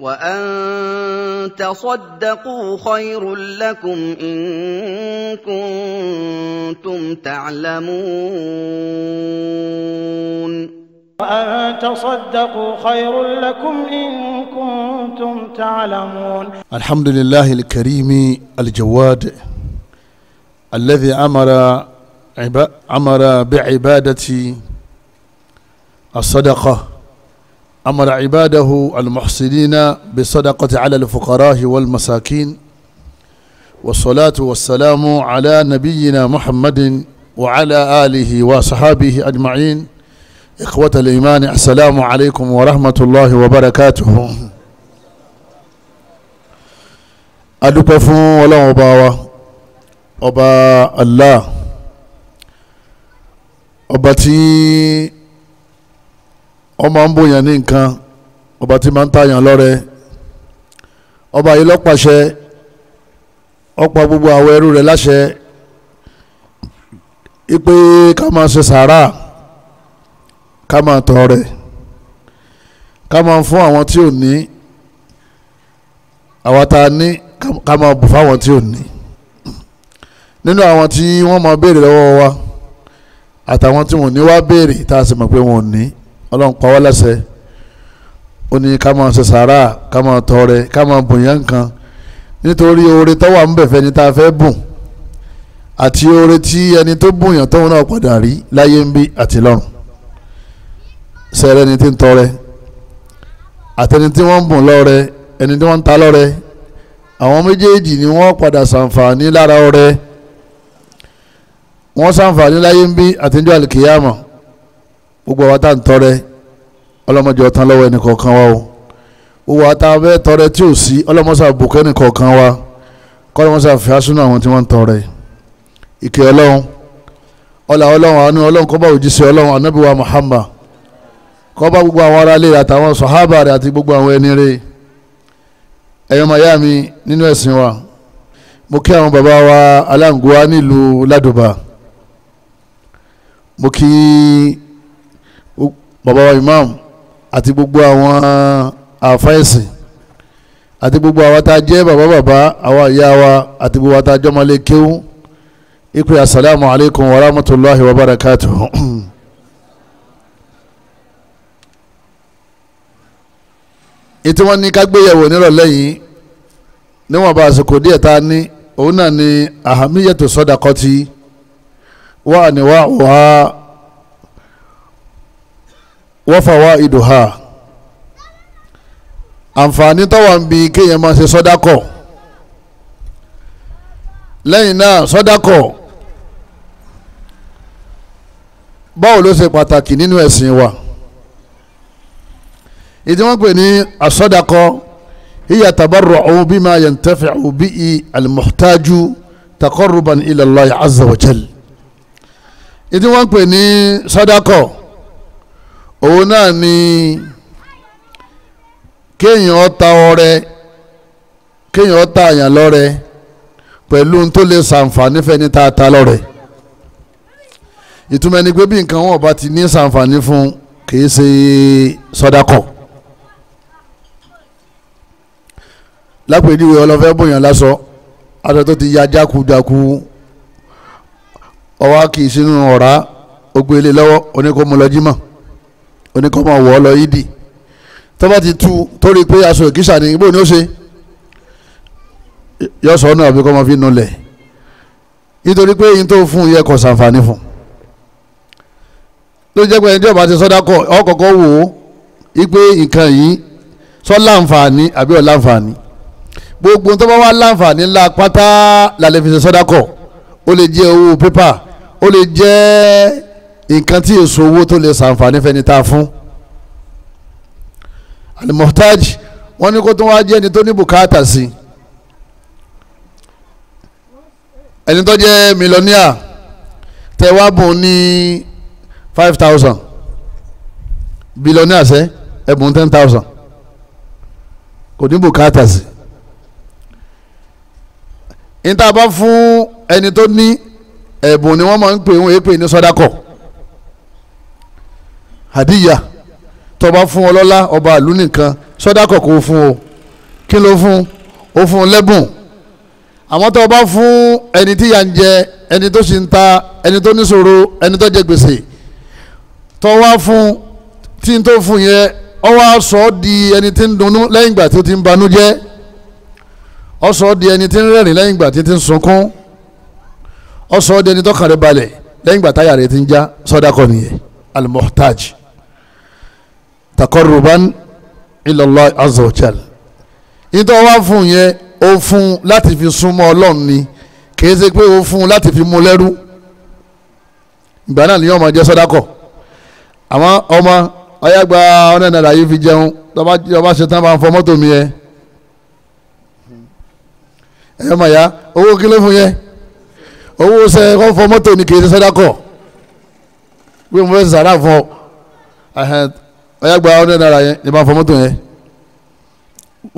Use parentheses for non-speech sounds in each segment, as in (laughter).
وان تصدقوا خير لكم ان كنتم تعلمون وأن تصدقوا خير لكم إن كنتم تعلمون الحمد لله الكريم الجواد الذي أمر أمر بعبادة الصدقة أمر عباده المحسنين بالصدقة على الفقراء والمساكين والصلاة والسلام على نبينا محمد وعلى آله وصحابه أجمعين إخوة الإيمان السلام عليكم ورحمة الله وبركاته أدوكفون ولا أبا أبا الله أبتي ọmọ ń bòyàn ní nǹkan ọba tí máa ń tàyàn lọ́rẹ ọba yìí lọ́pàṣẹ ọ̀pọ̀ gbogbo àwọn ẹrú rẹ̀ láṣẹ ipe ká máa ṣe sàárà ká máa tọrẹ ká máa fún àwọn tí ò ní àwa tá a ní ká máa bù fáwọn tí ò ní nínú àwọn tí wọ́n máa béèrè lọ́wọ́ wa àtàwọn tí wọ́n ní wá béèrè tá a sì mọ̀ pé wọ́n ò ní ọlọ́run pa wá láṣẹ ó ní ká máa ṣe sàárà ká máa tọrẹ ká máa bùnyàn nǹkan nítorí oore tó wà ń bẹ̀fẹ́ ni tá a fẹ́ bùn àti oore tí ẹni tó bùnyàn tóun náà padà rí láyé ń bí àti lọ́run sẹ́rẹ́ ni tí ń tọrẹ àtẹni tí wọ́n ń bùn lọ́rẹ ẹni tí wọ́n ń ta lọ́rẹ àwọn méjèèjì ni wọ́n padà ṣàǹfààní lára ọrẹ wọ́n ṣàǹfààní láyé ń bí àtijọ́ àlìkìyàmọ̀ gbogbo àwọn tá à ń tọrẹ ọlọ́mọdé ọ̀tán lọ́wọ́ ẹnì kọ̀ọ̀kan wa o gbogbo tá a tọrẹ tí ò sí ẹnì wa kọ́lọ́mọsà fẹ́ asúnà àwọn tí wọ́n ń tọrẹ ìkẹ́ ọlọ́run ọlà ọlọ́run àánú gbogbo àwọn aráalé àtàwọn gbogbo àwọn ẹni mi nínú wa mo kí àwọn wa aláǹgó wa nílùú ládùbà bàbá wa imam àti gbogbo àwọn àfẹ́sì àti gbogbo àwọn tá a jẹ́ bàbá bàbá àwọn ìyá wa àti gbogbo àwọn tá a jọmọlé kéwú ikú asalaamu alaykum wa rahmatulahi wa barakatuhu. (clears throat) ètò wọn ní kágbéyẹ̀wò nírọ̀lẹ́ yìí níwọ̀n bá àsìkò díẹ̀ tá a ní òun náà ni ahamiyatu sọdakọti wà ní wà wà wọ́fàwá ìdòhà àǹfààní tọ́wà ń bi kéèyàn máa ṣe sọ́dákọ̀ lẹ́yìn náà sọ́dákọ̀ báwo ló ṣe pàtàkì nínú ẹ̀sìn wa ìdí wọ́n pè ní àsọ́dákọ̀ hiya tabarru'u bima yantafi'u bihi al-muhtaju taqarruban ila Allah azza wa jal ìdí wọ́n pè ní sọ́dákọ̀ òun náà ni kéèyàn ta ọrẹ kéèyàn ta àyàn lọ́rẹ pẹ̀lú ohun tó lè ṣàǹfààní fẹ́ni tá a ta lọ́rẹ ìtumọ̀ ẹni pé bí nǹkan wọn bá ti ní ṣàǹfààní fún kìí ṣe sọ́dákọ̀ lápèjúwe ọlọ́fẹ́ lásọ aṣọ tó ti ya jákujáku ọwọ́ kìí sínú ọ̀rá ó gbélé lọ́wọ́ oníkó oníkọ́mọ wọ̀ ọ́ lọ yídì tọ́ba ti tu torí pé aṣọ ìkísà ni ibo ni ó ṣe yọ sọ náà bí kọ́mọ fi nulẹ̀ nítorí pé yín tó fún yẹ kó ṣàǹfààní fún ló jẹ́ pé ẹni tí ọba ti sọ́dá kọ ọkọ̀ọ̀kọ̀ wò ó ipe nǹkan yìí sọ láǹfààní àbí ọ̀ láǹfààní gbogbo tó bá wà láǹfààní ńlá pátá làlẹ́ fi ṣe sọ́dá kọ ó lè jẹ́ owó pépà ó lè jẹ́ nǹkan tí èso owó tó lè ṣàǹfààní fẹ́ni tá a fún alimohtaj wọ́n ní kó tó wá jẹ́ ẹni tó ní bùkátà sí ẹni tó jẹ́ mílíọ̀nìà tẹ́ ní five thousand bílíọ̀nìà sẹ́ ẹ̀bùn ten thousand kò ní bùkátà sí a bá fún ẹni tó ní ẹ̀bùn ni wọ́n máa ń pè wọ́n èèpè ní sọ́dákọ̀. So hadiya tọba fún ọlọ́lá ọba ìlú nìkan sọ́dákọ̀ kò fún o kí ló fún o fún lẹ́bùn àmọ́ tọba fún ẹni tí yà ń jẹ ẹni tó sì ń ta ẹni tó níṣòro ẹni tó jẹ gbèsè tọwa fún tí n tó fún yẹn ọwọ́ sọ ọ́ di ẹni tí ń dunnú lẹ́yìn ìgbà tí ó ti ń banújẹ́ ọ sọ di ẹni tí ń rẹ́rìn lẹ́yìn ìgbà tí ó ti ń sunkún ọ di ẹni tó kàn balẹ̀ lẹ́yìn ìgbà táyà rẹ̀ ti ń já sọ́dákọ̀ nìyẹn almuhtaj taqarruban ila Allah azza wa jal nítorí wá fún yẹn ó fún láti fi súnmọ́ ọlọ́run ni kìí ṣe pé ó fún láti fi mú lẹ́rú ìgbà náà ni yóò máa jẹ́ sọ́dákọ̀ àmọ́ ọmọ ọyàgbà ọ̀nà nàrà yìí fi jẹun tọ́ba ṣe tán bá ń fọ mọ́tò mi yẹn ẹ̀yọ́ mọ̀ ya owó kí ló fún yẹn owó ṣe kọ́ fọ mọ́tò ni kìí ṣe sọ́dákọ̀ pé mo fẹ́ sàrà fún ọ ọ̀yá gba ọ̀nà náírà yẹn ní bá fọ mọ́tò yẹn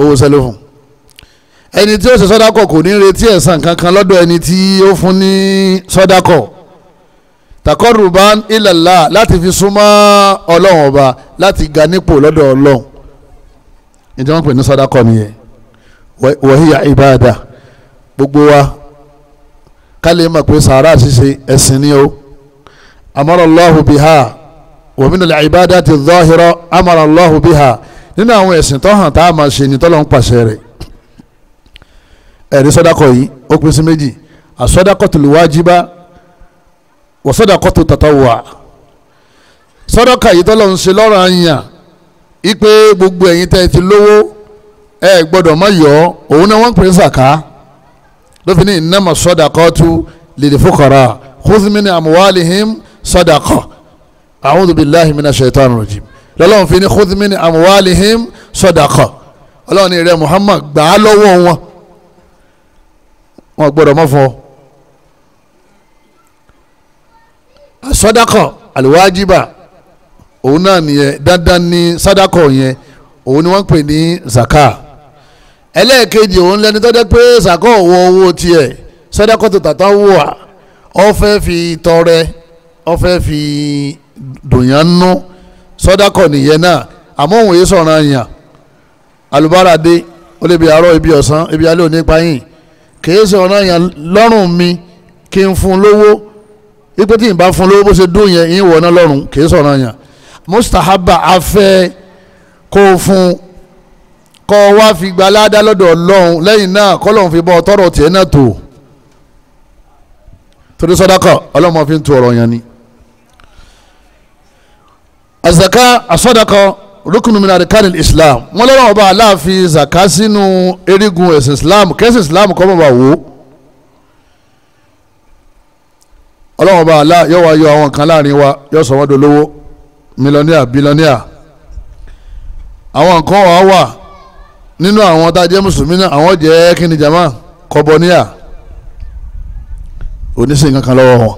owó sẹ́lófùn ẹni tí ó ṣe sọ́dákọ̀ kò ní retí ẹ̀san kankan lọ́dọ̀ ẹni tí ó fún ní sọ́dákọ̀ takọ́rùbá ìlàlá láti fi súnmọ́ ọlọ́run ọba láti ga nípò lọ́dọ̀ ọlọ́run ìjọba pè ní sọ́dákọ̀ nìyẹn wọ̀híyà ìbáàdà gbogbo wa ká lè mọ̀ pé sàárà ṣíṣe ẹ̀sìn ni ó amọ́rọ̀ lọ́hùn bíhá wa min al-ibadati adh-dhahira amara Allahu biha nínú àwọn ẹ̀sìn tó hàn tá a máa ṣe ni tọ́lọ́ ń pàṣẹ rẹ̀ ẹ̀rí sọ́dákọ̀ yìí ó pín sí méjì as-sadaqatul wajiba wa sadaqatut tatawwu' sọ́dọ̀kà yìí tọ́lọ́ ń ṣe lọ́rọ̀ àyàn ipe gbogbo ẹ̀yin tẹ́ ẹ ti lówó ẹ gbọ́dọ̀ má yọ ọ́ òun náà wọ́n ń pè é sàká lófin ní innama sadaqatu lil fuqara khudh min amwalihim sadaqa a'udhu billahi minash shaitanir rajim lọ́lọ́run fi ní khudh min amwalihim sadaqa ọlọ́run ní rẹ muhammad gbà á lọ́wọ́ wọn wọn gbọ́dọ̀ mọ́ fọ́ sadaqa alwajiba òun náà nìyẹn dandan ní sadaqa yẹn òun ni wọ́n pè ní zaka ẹlẹ́ẹ̀kejì òun lẹni tó dẹ́ pé zaka ọ̀wọ́ owó tiẹ̀ sadaqa tó tàtà wọ̀ ọ́ fi tọrẹ ọ́ fi dùnyàn nú sọ́dákọ̀ nìyẹn náà àmọ́ òun yìí sọ̀rọ̀ àyàn alùbára dé ó lè bi àárọ̀ ibi ọ̀sán ibi alẹ́ òní payín kìí ṣe ọ̀nà àyàn lọ́rùn mi kí n fún lówó ipe tí n bá fún lówó bó ṣe dùn yẹn ìyìn wọ̀nà lọ́rùn kìí sọ̀rọ̀ àyàn mustahaba afẹ́ kó fún kọ́ wá fi gba aládá lọ́dọ̀ ọlọ́run lẹ́yìn náà kọ́lọ́run fi bọ́ tọrọ tiẹ̀ náà tó torí sọ́dákọ̀ ọlọ́run fi ń tu ọ̀rọ̀ yẹn ni azaka asọdakọ rukunu min arkanil islam wọn lọ́wọ́ ọba aláàfin zaka sínú erigun ẹ̀sìn islam kẹ́sìn islam kọ́ mọ̀ bá wò ó ọlọ́wọ́n ọba alá yọ wá yọ àwọn kan láàrin wa yọ sọ wọ́n dolówó mílíọ̀nìà bílíọ̀nìà àwọn nǹkan wà wà nínú àwọn tá a jẹ́ mùsùlùmí náà àwọn jẹ́ kíni jama kọ́bọ̀nìà oníṣègùn kan lọ́wọ́ wọn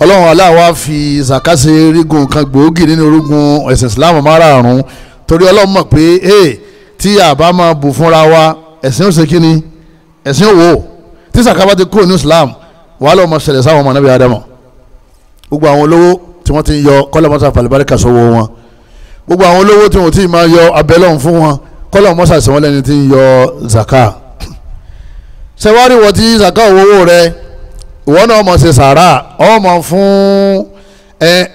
ọlọ́run aláwa fi zakase rígun kan gbòógì nínú orígun ẹ̀sìn islam márààrún torí ọlọ́run mọ̀ pé ee tí àbá máa bù fúnra wa ẹ̀sìn ò ṣe kí ni ẹ̀sìn ò wò tí zakaba ti kúrò ní islam wàhálà ọmọ ṣẹlẹ̀ sáwọn ọmọ nàbí adamu gbogbo àwọn olówó tí wọ́n ti ń yọ kọ́lọ́ mọ́sá falibárikà sọ́wọ́ wọn gbogbo àwọn olówó tí wọ́n ti máa yọ abẹ́lọ́hún fún wọn kọ́lọ́ mọ́sá sẹ́wọ́n lẹ́ni ti ń yọ zaka ṣẹwárí wọ́n ti zaka owó rẹ̀ ìwọ náà ọmọ ṣe sàrà ọmọ fún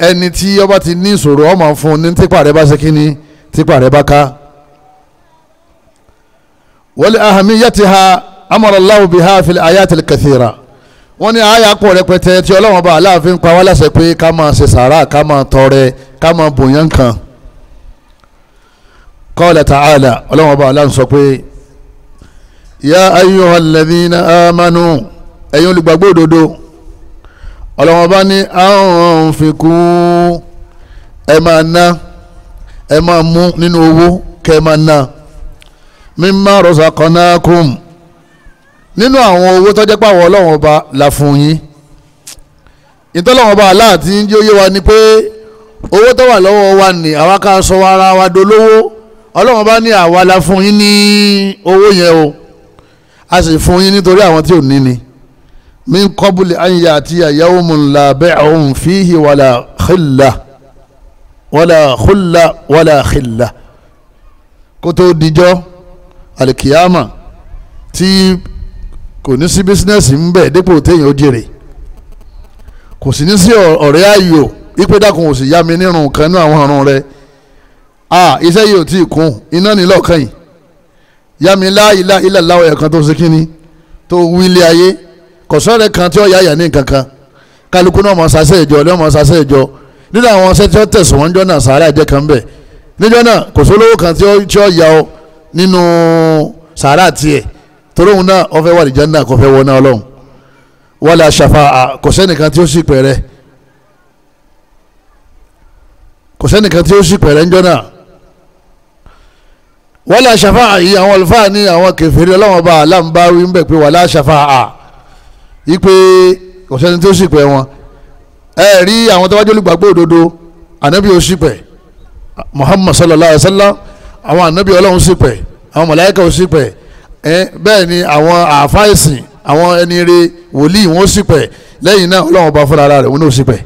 ẹni tí ọba ti ní ìṣòro ọmọ fún ní tipa rẹ bá ṣe kíni tipa rẹ bá ká. wali ahamiyatiha amara Allahu biha fil ayatil kathira wọ́n ní àyà pọ̀ rẹpẹtẹ tí Ọlọ́run bá aláàfin pa wá láṣẹ pé ká máa ṣe sàrà ká máa tọrẹ ká máa bòyàn kan. qala ta'ala Ọlọ́run bá aláàfin sọ pé ya ayyuhal ladhina amanu ẹ̀yin olùgbàgbọ́ òdodo ọlọ́wọ́n bá ní àwọn òǹfikún ẹ máa ná ẹ máa mú nínú owó kẹ́ ẹ máa ná mímá rọ̀ṣàkọ́nákùn nínú àwọn owó tọ́jẹ́ pàwọ́ ọlọ́wọ́n la fún yín ìtọ́lọ́wọ́n bá aláàtí ń jẹ́ òye wa ni pé owó tó wà lọ́wọ́ wa ní àwa ká sọ ara wa dolówó ọlọ́wọ́n ní àwa la fún yín ní owó yẹn o a sì fún yín nítorí àwọn tí ò ní ni min kọ́bùlì an yàtí yawmun la bay'un fihi wala khilla wala khilla wala khilla kótó dijọ́ alikiyama tí kò ní sí bísínẹ́sì ń bẹ̀ dípò téèyàn ó jèrè kò sì ní sí ọ̀rẹ́ ayò ipe dákun ò sì yá mi nírun kan ní àwọn ọ̀run rẹ a iṣẹ́ yìí ò tí ì kún iná nílò kan yìí yá mi la ilaha illallah ẹ̀kan tó ṣe kínní tó wílé ayé kọ̀sọ́rẹ́ kan tí ó yá yà ní kankan kálukú náà mọ̀ sásẹ̀ ìjọ lọ́mọ sásẹ̀ ìjọ nínú àwọn ọ̀sẹ̀ tí ó tẹ̀sùn wọn jọ náà sàárà jẹ́ kan bẹ̀ níjọ́ náà kò sólówó kan tí ó tí ó yà ọ nínú sàárà tiẹ̀ toróhun náà ó wà lìjẹ́ náà kò fẹ́ wọ náà ọlọ́run wala shafa'a kò sẹ́nìkan tí ó sì pẹ̀rẹ́ kò sẹ́nìkan tí ó sì pẹ̀rẹ́ níjọ́ náà wala shafa'a yìí àwọn àlùfáà ní àwọn kèfèrí ọlọ́wọ́n bá aláǹbáwí ń bẹ̀ pé wala shafa'a ipe ọ̀sẹ̀ni tó sì pẹ́ wọn ẹ rí àwọn tó wájú olùgbàgbọ́ òdodo ànábì ó sì pẹ́ Muhammad sallallahu alayhi wa sallam àwọn ànábì ọlọ́run sì pẹ́ àwọn màláíkà ó sì pẹ́ bẹ́ẹ̀ ni àwọn àáfàá ẹ̀sìn àwọn ẹni rè wòlíì wọn ó sì pẹ́ lẹ́yìn náà ọlọ́run ọba fúnra rẹ̀ wọn ó sì pẹ́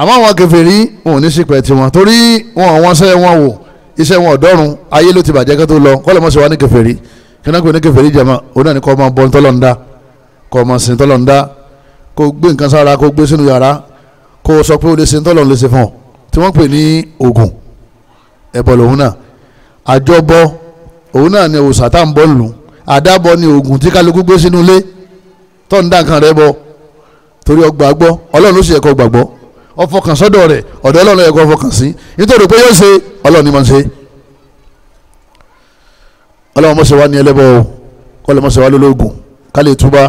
àmọ́ àwọn kèfèrí wọn ò ní sí pẹ̀ tiwọn torí wọn àwọn iṣẹ́ wọn wò iṣẹ́ wọn ọ̀dọ́run ayé ló ti bàjẹ́ kó tó lọ kọ́lọ́mọ́sẹ̀ wa ní kèfèrí kíná pé ní kèfèrí jama ó náà ní kọ́ máa bọ́ ntọ́lọ́ndá kọ́ máa sin tọ́lọ́ndá kó gbé nǹkan sára kó gbé sínú yàrá kó sọ pé ó lè sin tọ́lọ́n lè ṣe fún ọ tí wọ́n pè ní oògùn ẹbọ lòun náà àjọbọ òun náà ni òòṣà tá à ń bọ́ lù àdábọ ni oògùn tí kálukú gbé sínú ilé tó ń dá nǹkan rẹ bọ torí ọgbà gbọ́ ọlọ́run ló sì yẹ kó gbàgbọ́ ọfọkàn sọ́dọ̀ rẹ̀ ọ̀dọ̀ ọlọ́run yẹ kó nítorí pé yóò ṣe ọlọ́run ni mo ṣe ọlọ́run mọ̀sẹ̀ wá ní ẹlẹ́bọ o kọ́lẹ̀ mọ̀sẹ̀ wá lólógùn ká lè túbá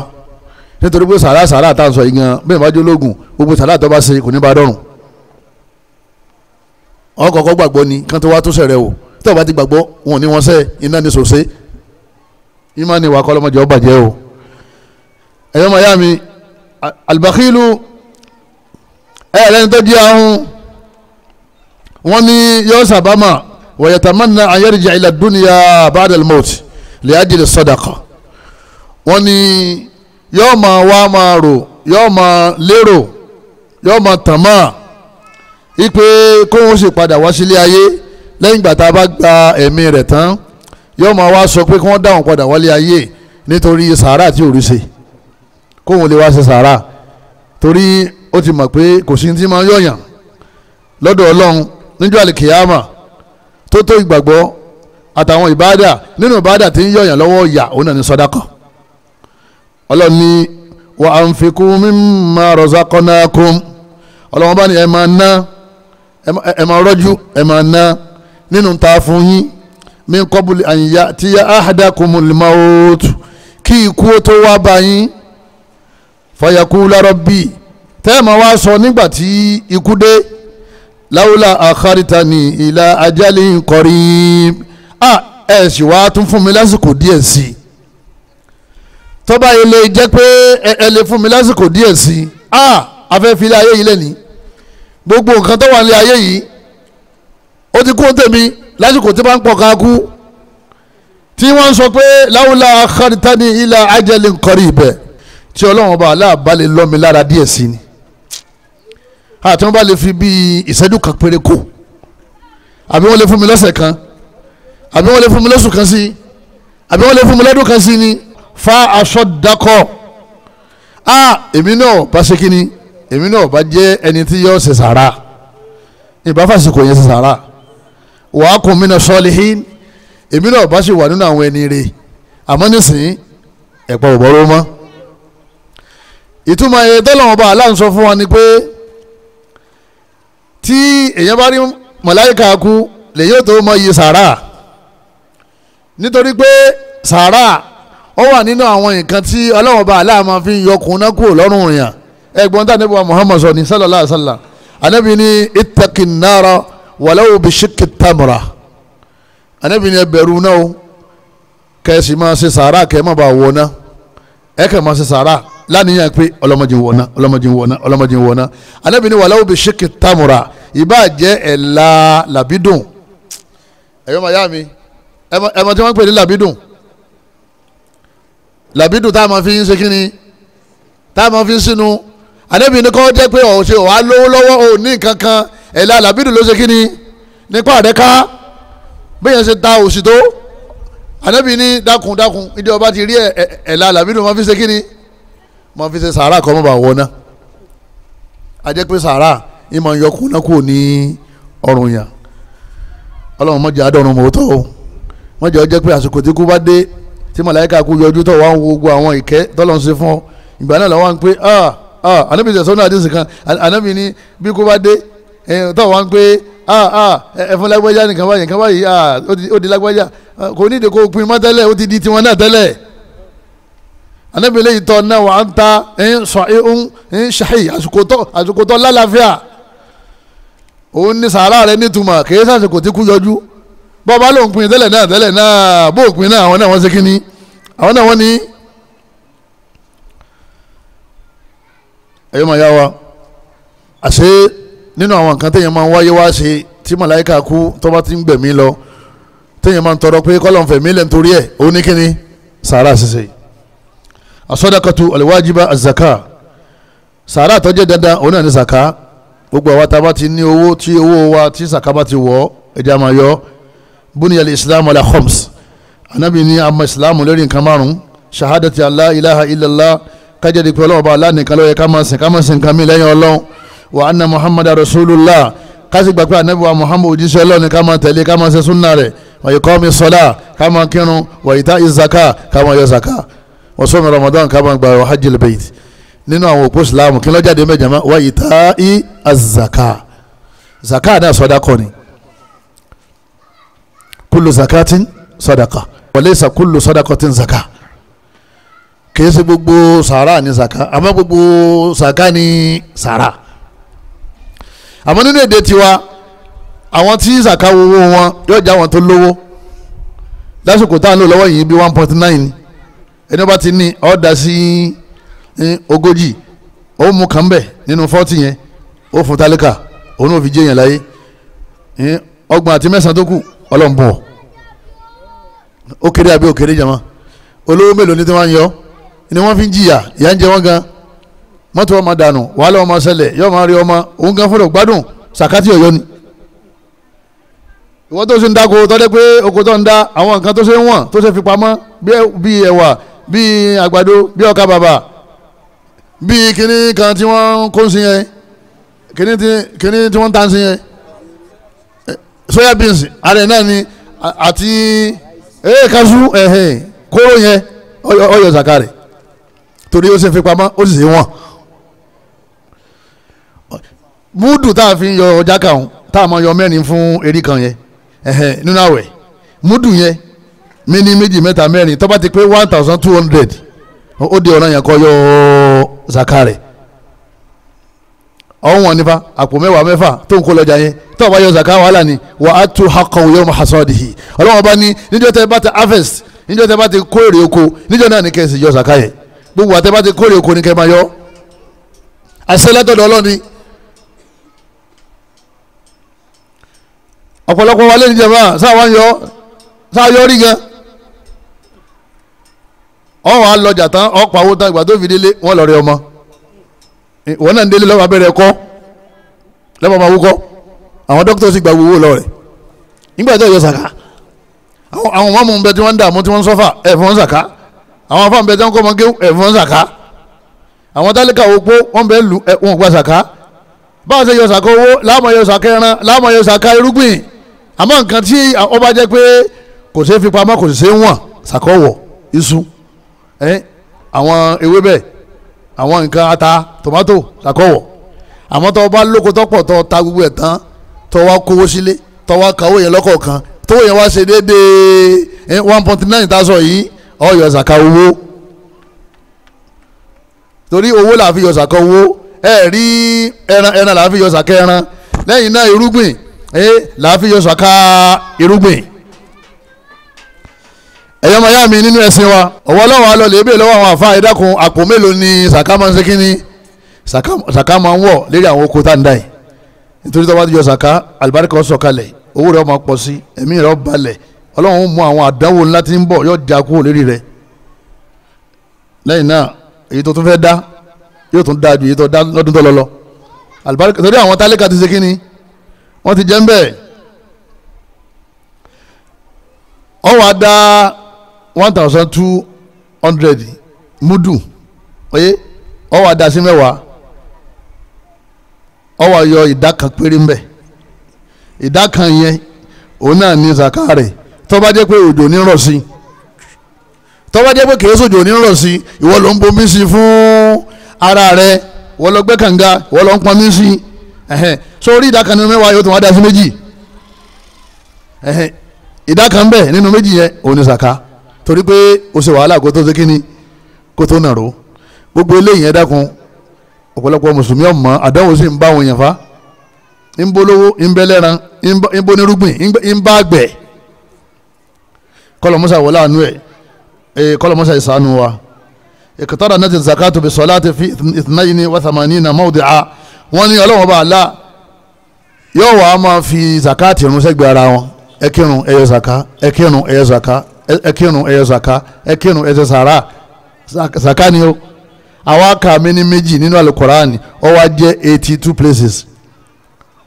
nítorí pé sàrà sàrà tá à ń sọ ìyẹn bẹ́ẹ̀ bá jó lógùn gbogbo sàrà tó bá ṣe kò ní bá dọ̀rùn àwọn kọ̀ọ̀kan gbàgbọ́ ni kán tó wá tó sẹ̀rẹ̀ o tó bá ti gbàgbọ́ wọn ni wọ́n sẹ́ iná ni sòsé ìmọ̀ ni wà kọ́lọ́mọdé ọba o ẹ̀yọ́ maya mi albakilu ẹ̀ tó di ahun wọ́n ní yọ sàbámà ويتمنى أن يرجع إلى الدنيا بعد الموت لأجل wọ́n وني yọ́ọ́ máa wá máa rò yọ́ọ́ máa lérò yọ́ọ́ máa tàn máa ipe kóhun sì padà wá sílé ayé lẹ́yìn ìgbà tá a bá gba ẹ̀mí rẹ̀ tán yọ́ọ́ máa wá sọ pé kí wọ́n dáhùn padà wálé ayé nítorí sàárà tí ò rí ṣe kóhun lè wá ṣe sàárà torí ó ti mọ̀ pé kò sí ní ti máa yọ̀yàn lọ́dọ̀ ọlọ́run níjọ́ àlè tó tó ìgbàgbọ́ àtàwọn ìbáàdà nínú ìbáàdà tí ń yọ̀yàn lọ́wọ́ ìyà òun náà ní sọ́dákọ̀ ọlọ́run ní wa anfiqu mimma razaqnakum ọlọ́run bá ní ẹ máa ná ẹ máa rọ́jú ẹ máa ná nínú ta fún yín min qabli an ya'tiya ahadakumul maut kí ikú tó wá bá yín fayaqula rabbi tẹ́ ẹ máa wá sọ nígbà tí ikú dé láwùlà àkárìtà ní ìlà ajálì kọrí à ẹ sì wá tún fún mi lásìkò díẹ̀ sí i tọ́ba yìí lè jẹ́ pé ẹ lè fún mi lásìkò díẹ̀ sí i à afẹ́filẹ̀ ayé yìí lẹ́ni gbogbo nǹkan tó wà ní ayé yìí ó ti kú tèmi lásìkò tí wọ́n ń pọ̀ ká kú tí wọ́n sọ pé láwùlà àkárìtà ní ìlà ajálì kọrí ibẹ̀ tí ọlọ́run bá aláàbálẹ̀ lọ́mi lára díẹ̀ sí ni àti ah, wọn bá lè fi bíi ìṣẹ́jú kan péré kù àbí wọ́n lè fún mi lọ́sẹ̀ kan àbí wọ́n lè fún mi lọ́sùn kan sí àbí wọ́n lè fún mi lọ́dún kan sí ni fa aṣọ dakọ̀ a ah, èmi náà bá ṣe kí ni èmi náà bá jẹ́ ẹni tí yọ ṣe sàrà ìbá fàṣìkò yẹn ṣe sàrà wàá kún mi náà sọ́ọ́lì èmi náà bá ṣe wà nínú àwọn ẹni rè àmọ́ nísìnyí ẹ̀pọ̀ ò bọ́ ló mọ́ ìtumọ̀ ẹ̀ tọ́lọ́wọ́n aláǹsọ fún wa ni pé tí èèyàn bá rí màláíkà kú lèyìn tó mọ iye sàrà nítorí pé sàrà ó wà nínú àwọn nǹkan tí ọlọ́wọ́n bá aláàmọ́ fi ń yọkùn náà kúrò lọ́rùn yàn ẹ̀gbọ́n tá a níbo Muhammad sọ ní sallallahu alaihi wasallam anabi ní ittaqin nara walau bishikki tamra anabi ní ẹ náà kẹ́sì máa ṣe sàrà kẹ́ má bàa wọ̀ ẹ kàn máa ṣe sàrà lánìyàn pé ọlọmọdé wọná ọlọmọdé wọná ọlọmọdé wọná anábìíní wàhálà òbí ṣèkì tamura ìbá jẹ́ ẹ̀la làbídùn ẹ̀yọ́ màyá mi ẹ̀mọ tí wọ́n pè ní làbídùn làbídùn tá a máa fi ń ṣe kí ni tá a máa fi ń sínú àdébìyí ni kò jẹ́ pé ọ̀ ṣe ọ̀ lówó lọ́wọ́ ò ní nǹkan kan ẹ̀la làbídùn ló ṣe kí ni nípa àdẹ́ká bẹ́ẹ̀ ṣe ta òsì tó àdébìyí ni dákun dákun ìdí ọba ti rí ẹ̀la làbídùn máa fi ṣe kí ni máa fi ṣe sàárà kọ́ mọ́ bá wọ náà àjẹpẹ́ sàárà ní ma yọ kúnná kúrò ní ọrùn yàn ọlọ́run mọ̀jẹ̀ adọ́run mọ̀ọ́tọ́ o mọ̀jẹ̀ ọjẹ́ pé àsìkò tí kú bá dé tí màláíkà kú yọjú tó wà gbogbo àwọn ìkẹ́ tọ́lọ́run ṣe fún ọ ìgbà náà lọ́wọ́ ń pé ah ah anábì sẹ̀sọ́ náà àdéhùn kan anábì ní bí kú bá dé tó wà ń pé ah ah ẹ̀fọn lágbájá nìkan báyìí nìkan báyìí ah ó di lágbájá kò ní ìdè kó pin mọ́ tẹ́lẹ̀ ó ti di tiwọn náà tẹ́lẹ̀ anábì lè tọ́ náà wà ń ta ń sọ ń ṣàì àsìkò tó lálàáfíà òun ní sàárà rẹ nítumọ̀ kìí sàṣekò tí kú yọjú bọ́ bá lóun pin tẹ́lẹ̀ náà tẹ́lẹ̀ náà bó òpin náà àwọn náà wọ́n ṣe kínní àwọn náà wọ́n ní. ẹ̀yọ́ màá yá wa àṣé nínú àwọn nǹkan téèyàn máa ń wáyé wá ṣe tí màláìka kú tó bá ti ń gbẹ̀mí lọ téèyàn máa ń tọrọ pé kọ́lọ̀ fẹ̀mí lẹ̀ nítorí ẹ̀ òun ní kínní sàárà ṣiṣẹ́ àsọdọ̀kọ̀tù alwajiba azaka sàárà tó dandan òun náà ní zaka gbogbo àwa tá a bá ti ní owó tí owó wa tí sàkábà ti wọ̀ ẹ̀jẹ̀ àmà yọ buniyal islam ala khoms anabi ní àmà islam lórí nǹkan márùn shahadati allah ilaha illallah kájẹ́dì pé ọlọ́wọ́ bá allah nìkan ló yẹ ká máa sìn ká máa sìn nǹkan mi lẹ́yìn ọlọ́run wa anna muhammadu rasulullah kásì gbàgbé anabi wa muhammadu ojúṣe ọlọ́run ní ká máa tẹ̀lé ká máa ṣe súnà rẹ̀ wa iqami salah ká máa kírun wa ita'i zaka ká máa yọ zaka wa sọ́mi ramadan ká máa gbà wa hajjil bayt nínú àwọn òpó ìsìláàmù kí ló jáde mẹ́jọ mọ́ wáyé tá i azaka zaka náà sọdakọ ni kúlù zakatin sọdaka wàlẹ́sà kúlù sọdakọtin zaka kìí ṣe gbogbo sàrà ni zaka àmọ́ gbogbo zaka ni sàrà àmọ́ nínú èdè tiwa àwọn tí zaka wowó wọn yóò jẹ́ àwọn tó lówó lásìkò tá a lò lọ́wọ́ yìí bí one point nine ẹni wọ́n bá ti ní ọ̀dà sí i ní ogójì ó mú kan bẹ̀ nínú fọ́tì yẹn ó fún tálíkà òun ò fi jẹ́ yẹn láyé ní ọgbọ̀n àti mẹ́sàn-án tó kù ọlọ́mbọ̀ ó kéré àbí ó kéré jama olówó mélòó ni tí wọ́n ń yọ ni wọ́n fi ń jìyà ìyà ń jẹ wọ́n gan mọ́tò ọmọ dànù wàhálà ọmọ ṣẹlẹ̀ yọ ọmọ rí ọmọ òun gan fúnra gbádùn sàkátì ọ̀yọ́ ni ìwọ́n tó ṣe ń dáko tọ́lẹ́ pé oko tó ń da àwọn nǹkan tó ṣe ń wọ̀n tó ṣe fi pamọ́ bí ẹ̀wà bí àgbàdo bí ọkà bàbà bíi kíní kan tí wọ́n kó sí yẹn kíní tí wọ́n ta sí yẹn soya beans ara ẹ̀ náà ni àti ee kazu kóró yẹn ọyọ zakari torí ó sì fi pamọ́ ó sì sí wọn múdù tá a fi yọ ọjà kàún tá a máa yọ mẹ́rin fún erí kan yẹn nínú àwẹ̀ múdù yẹn mi ní méjì mẹ́ta mẹ́rin tó bá ti pé one thousand two hundred ó di ọ̀ràn yẹn kọ́ yọ zaka rẹ̀ ọ̀hún wọn nípa àpò mẹ́wàá mẹ́fà tó ń kó lọ́jà yẹn tó o bá yọ zaka wàhálà ni wà á tu haqqahu yawma hasadihi ọlọ́wọ́n bá ní níjọ́ tẹ́ bá ti harvest níjọ́ tẹ́ bá ti kó èrè oko níjọ́ náà ní kẹ́ ẹ̀ sì yọ zaka yẹn gbogbo àtẹ́ bá ti kó èrè oko ní kẹ́ ẹ̀ máa yọ àṣẹ ọlọ́ni ọ̀pọ̀lọpọ̀ wa lé níjẹ̀ máa sáà wá ń yọ sáà yọ rí gan ọ wàá lọjà tán ọ pa owó tán ìgbà tó fi délé wọn lọ rẹ ọmọ wọn náà ń délé lọ́wọ́ abẹ́rẹ́ kọ́ lọ́wọ́ máa wúkọ́ àwọn dókítà sì gba owó lọ rẹ̀ nígbà tó yọ sàká àwọn ọmọ mi bẹ tí wọ́n ń dààmú tí wọ́n ń sọ́fà ẹ̀fọn sàká àwọn afọ́ mi bẹ tí wọ́n ń kọ́ ọmọ géwù ẹ̀fọn sàká àwọn tálíkà opó wọ́n bẹ lu wọn gba sàká báwo ṣe yọ sàká owó láàmú yọ sàká ẹran láàmú yọ sàká irúgbìn àmọ́ nǹkan tí ọba jẹ́ pé kò ṣeé fipamọ́ kò ṣeé wọ̀n sàkọ́wọ̀ iṣu àwọn ewébẹ̀ àwọn nǹkan ata tomato sakọwọ àmọ́ tó o bá lóko tọ́pọ̀ tó o ta gbogbo ẹ̀ tán tó o wá kówó sílé tó o wá kàwé yẹn lọ́kọ̀ọ̀kan tó o yẹn wá ṣe déédéé one point nine tá a sọ yìí ọ yọ ṣàkà owó torí owó là á fi yọ ṣàkà owó ẹ rí ẹran ẹran là á fi yọ ṣàkà ẹran lẹ́yìn náà irúgbìn ẹ là á fi yọ ṣàkà irúgbìn ẹ̀yọ́ ọmọ ìyá mi nínú ẹ̀sìn wa ọ̀wọ́ ọlọ́wọ́ alọ́lẹ̀ ebè lọ́wọ́ àwọn àfa ẹ̀dákun àpò mélòó ni sàkámà ń ṣe kínní sàkámà ń wọ̀ lérí àwọn oko tá ń dá yìí nítorí tó bá ti yọ sàká àlùbáríkà ọ̀sọ̀ kalẹ̀ owó rẹ̀ ọmọ pọ̀ sí ẹ̀mí rẹ̀ balẹ̀ ọlọ́run ó mú àwọn àdánwò ńlá tí ń bọ̀ yóò já kúrò lérí rẹ̀ lẹ́yìn náà èyí tó tún fẹ́ one thousand two hundred mudu oye ó wá dá sí mẹ́wàá ó wá yọ ìdá kan péré ńbẹ̀ ìdá kan yẹn òun náà ní zaka rẹ̀ tó bá jẹ́ pé òjò ní rọ̀ sí tó bá jẹ́ pé kìí sòjò ní rọ̀ sí ìwọ ló ń bomi sí fún ara rẹ̀ ìwọ ló gbẹ́ kànga ìwọ ló ń pọnmi sí so orí ìdá kan nínú mẹ́wàá yóò tún wá dá sí méjì ìdá kan bẹ́ẹ̀ nínú méjì yẹn òun ní zaka torí pé o ṣe wàhálà kó tó ṣe kíni kó tó nàró gbogbo eléyìí ẹ dákun ọ̀pọ̀lọpọ̀ mùsùlùmí ọ̀mọ́ àdánwò sì ń bá àwọn èèyàn fa ń bó lówó ń bẹ lẹ́ran ń bó nírúgbìn ń bá àgbẹ̀ kọlọmọsà wọlé àánú ẹ kọlọmọsà ìsànú wa ìkàtàdà náà ti zakatu bi sọlá ti fi ìtìnáyìí wa thamanina mawdi'a wọn ní ọlọ́wọ́n bá la yóò wá máa fi zakati irun sẹ́gbẹ̀ẹ́ ara wọn ẹ kírun ẹ yọ zaka ẹ kírun ẹ yọ zaka ẹ kírun ẹ yọ zaka ẹ kírun ẹ ṣe sàrà zaka ni o àwọn aka mi ní méjì nínú alukoraani ó wá jẹ́ eighty two places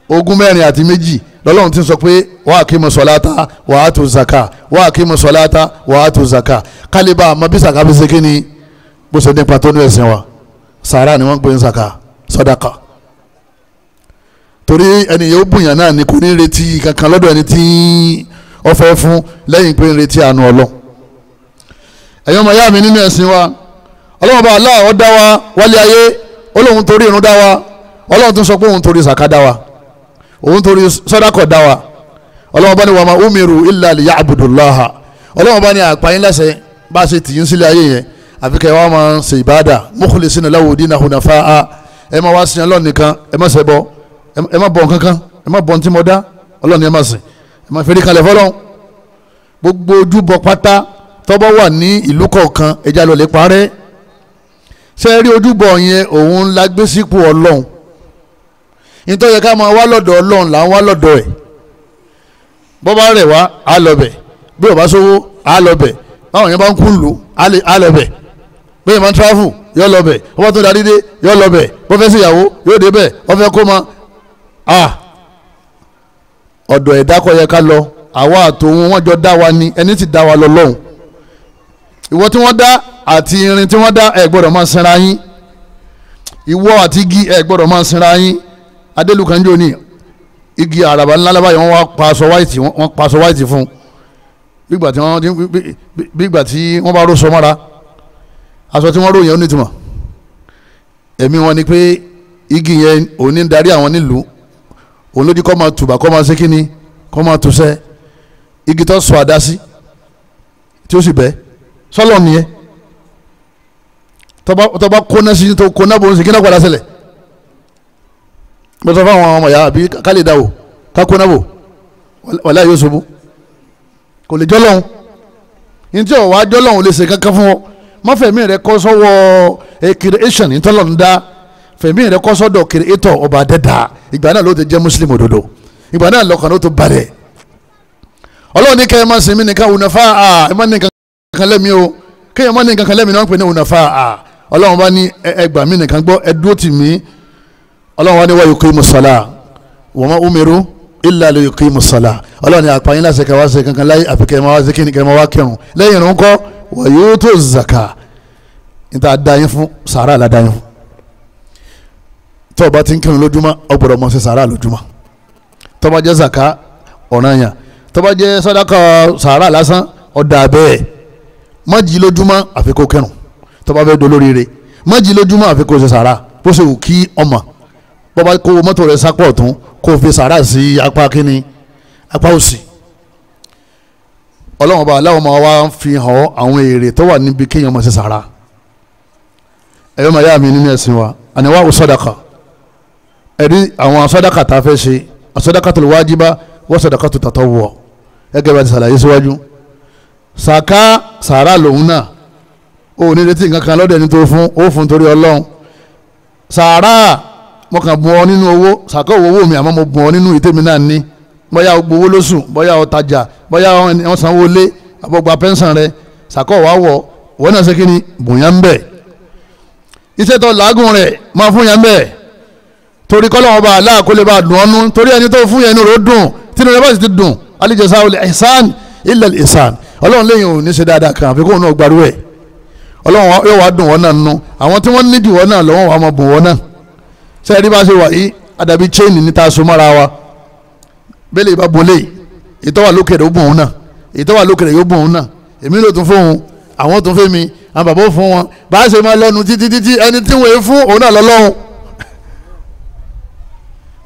ogún mẹ́rin àti méjì lọ́lọ́run ti sọ pé wà á kí mu sọ́láta wà á tó zaka wà á kí mu sọ́láta wà á tó zaka kálíbà àmọ́ bí zaka fi ṣe kí ni bó ṣe ní pàtó ní ẹ̀sìn wa sàrà ni wọ́n ń zaka sọ́dáka torí ẹni yóò bùnyàn náà ni kò ní retí kankan lọ́dọ̀ ẹni tí ọfẹ́ fún lẹ́yìn pé retí àánú ọlọ́ ya ọmọ mi nínú ẹ̀sìn wa ọlọ́run bá aláà ọ́ wa wálé ayé torí irun dá wa ọlọ́run tún sọ pé òun torí sàká dá wa òun torí sọ́dákọ̀ dá wa ọlọ́run bá ní wàmà umiru bá ní àpáyín bá a ṣe tìyín ayé yẹn ṣe ìbáàdà ẹ wá bọ bọ ntí dá ẹ máa fẹ́rí kalẹ̀ fọlọ́n gbogbo ojúbọ pátá tọ́bọ̀ wà ní ìlú kọ̀ọ̀kan ẹja lọ́lẹ̀ parẹ́ sẹ́ẹ̀rí ojúbọ yẹn òun la gbé sípò ọlọ́run nítorí ká máa wá lọ́dọ̀ ọlọ́run là ń wá lọ́dọ̀ ẹ̀ bọ́ bá rẹ̀ wá á lọ bẹ̀ bí ò bá sówó á lọ bẹ̀ báwọn yẹn bá ń kú á lọ bẹ̀ bẹ́ẹ̀ máa ń travel yọ lọ bẹ̀ ọba tó darí dé yọ lọ bẹ̀ bọ́fẹ́ síyàwó yóò dé bẹ̀ ọfẹ́ kó máa ah ọ̀dọ̀ ẹ̀dá kọ́ yẹ ká lọ àwa àtòun wọ́n jọ dá wa ni ẹni tí dá wa lọ lọ́hùn ìwọ tí wọ́n dá àti irin tí wọ́n dá ẹ gbọ́dọ̀ máa sinra yín ìwọ àti igi ẹ gbọ́dọ̀ máa sinra yín adélùkànjọ ni igi àràbà ńlá lábàáyé wọ́n wá paṣọ wáìtì wọ́n paṣọ wáìtì fún bígbà tí wọ́n bá ró mọ́ra aṣọ tí wọ́n ró yẹn ó nítumọ̀ ẹ̀mí wọn ni pé igi yẹn ò ní darí àwọn nílùú òun ló di kọ́ máa tùbà kọ́ máa ṣe kínní kọ́ máa tùṣẹ́ igi tó sọ àdá sí tí ó sì bẹ́ sọ́lọ̀ nìyẹn tọ́ba kóná sí tó kóná bó ń sìn kí náà padà ṣẹlẹ̀ bẹ́ẹ̀ tó fáwọn ọmọ yàrá bí kálí ìdáwò ká kóná bò wàlẹ́ yóò ṣubú kò lè jọ́lọ́hún ní tí ò wá jọ́lọ́hún lè ṣe kankan fún ọ mọ́fẹ̀mí rẹ kọ́ sọ́wọ́ eh, creation ní tọ́lọ́ ń dá fẹ̀mí rẹ kọ́ sọ́dọ̀ kìrìtọ̀ ọba dẹ́dà ìgbà náà ló ti jẹ́ mùsùlùmí òdodo ìgbà náà lọ́kàn ló ti balẹ̀ ọlọ́run ní kẹ́yẹ́ máa sin mí nìkan ònàfà à ẹ má ní nǹkan kan lẹ́mi o kẹ́yẹ́ má ní nǹkan kan lẹ́mi náà ń pè ní ònàfà à ọlọ́run bá ní ẹ gbà mí nìkan gbọ́ ẹ dúró tì mí ọlọ́run wá ní wáyé kí musala wọ́n má umiru illa lè kí musala ọlọ́run ní àpáyín láti kẹ́ wá sí kankan láyé àfi kẹ́ máa wá sí kíni kẹ́ máa wá kírun lẹ́yìn ìrún kọ́ wọ́n yóò tó zaka níta dáyín fún sàrà àlá dáyín fún tó o bá ti ń kírun lójúmọ́ o gbọ́dọ̀ mọ̀ ṣe sàárà lójúmọ́ tó bá jẹ́ sàká ọ̀ranyàn tó bá jẹ́ sàdákà sàárà lásán ọ̀dà bẹ́ẹ̀ má jí lójúmọ́ àfi kó kírun tó bá fẹ́ dolóríire má jí lójúmọ́ àfi kó ṣe sàárà bó ṣe wù kí ọmọ bó bá kó mọ́tò rẹ̀ sápọ̀ tún kó fi sàárà sí apá kínní apá òsì ọlọ́run ọba aláwọ̀ máa wá fi hàn àwọn èrè tó wà níbi kéèyàn máa ṣe sàárà ẹ̀yọ́ màá yá mi nínú ẹ̀sìn wa àníwá ò sàdákà ẹ̀rí àwọn sàdákà tá a fẹ́ ṣe sàdákàtul wájibà wa sàdákàtu tatawwu ẹgẹ́ bá ti ṣàlàyé síwájú sàká sàrà lòun náà ó ní retí nǹkan kan lọ́dẹ̀ ní tó fún ó fún torí ọlọ́run sàrà mo kàn bùn ọ nínú owó sàká owó mi àmọ́ mo bùn ọ nínú ìtẹ́mi náà ní bóyá o gbowó lóṣù bóyá o tajà bóyá o sanwó lé àbọ̀gbà pẹ́ńsàn rẹ sàká wàá wọ̀ wọ́n náà ṣe kí ni bùn yẹn ń bẹ̀ iṣẹ́ tó làágùn rẹ̀ máa fún yẹn ń torí kọ́lọ́wọ́n bá aláà kó lè bá dùn ọ́nú torí ẹni tó fún yẹn inú rẹ̀ dùn tínú rẹ̀ bá sì ti dùn alijasa olè ẹ̀sán ilẹ̀ ẹ̀sán ọlọ́run lẹ́yìn ò ní ṣe dáadáa kan àfikún òun náà gbarú ẹ̀ ọlọ́run yóò wá dùn wọ́n náà nù àwọn tí wọ́n nídìí wọ́n náà lọ́wọ́ wà máa bùn wọ́n náà ṣe ẹni bá ṣe wà yí àdàbí chain níta so wa bẹ́lẹ̀ ìbá bọ́lẹ̀ ìtọ́wà lókèrè ó bùn òun náà ìtọ́wà lókèrè yóò bùn òun náà èmi ló tún fóun àwọn tún fẹ́ mi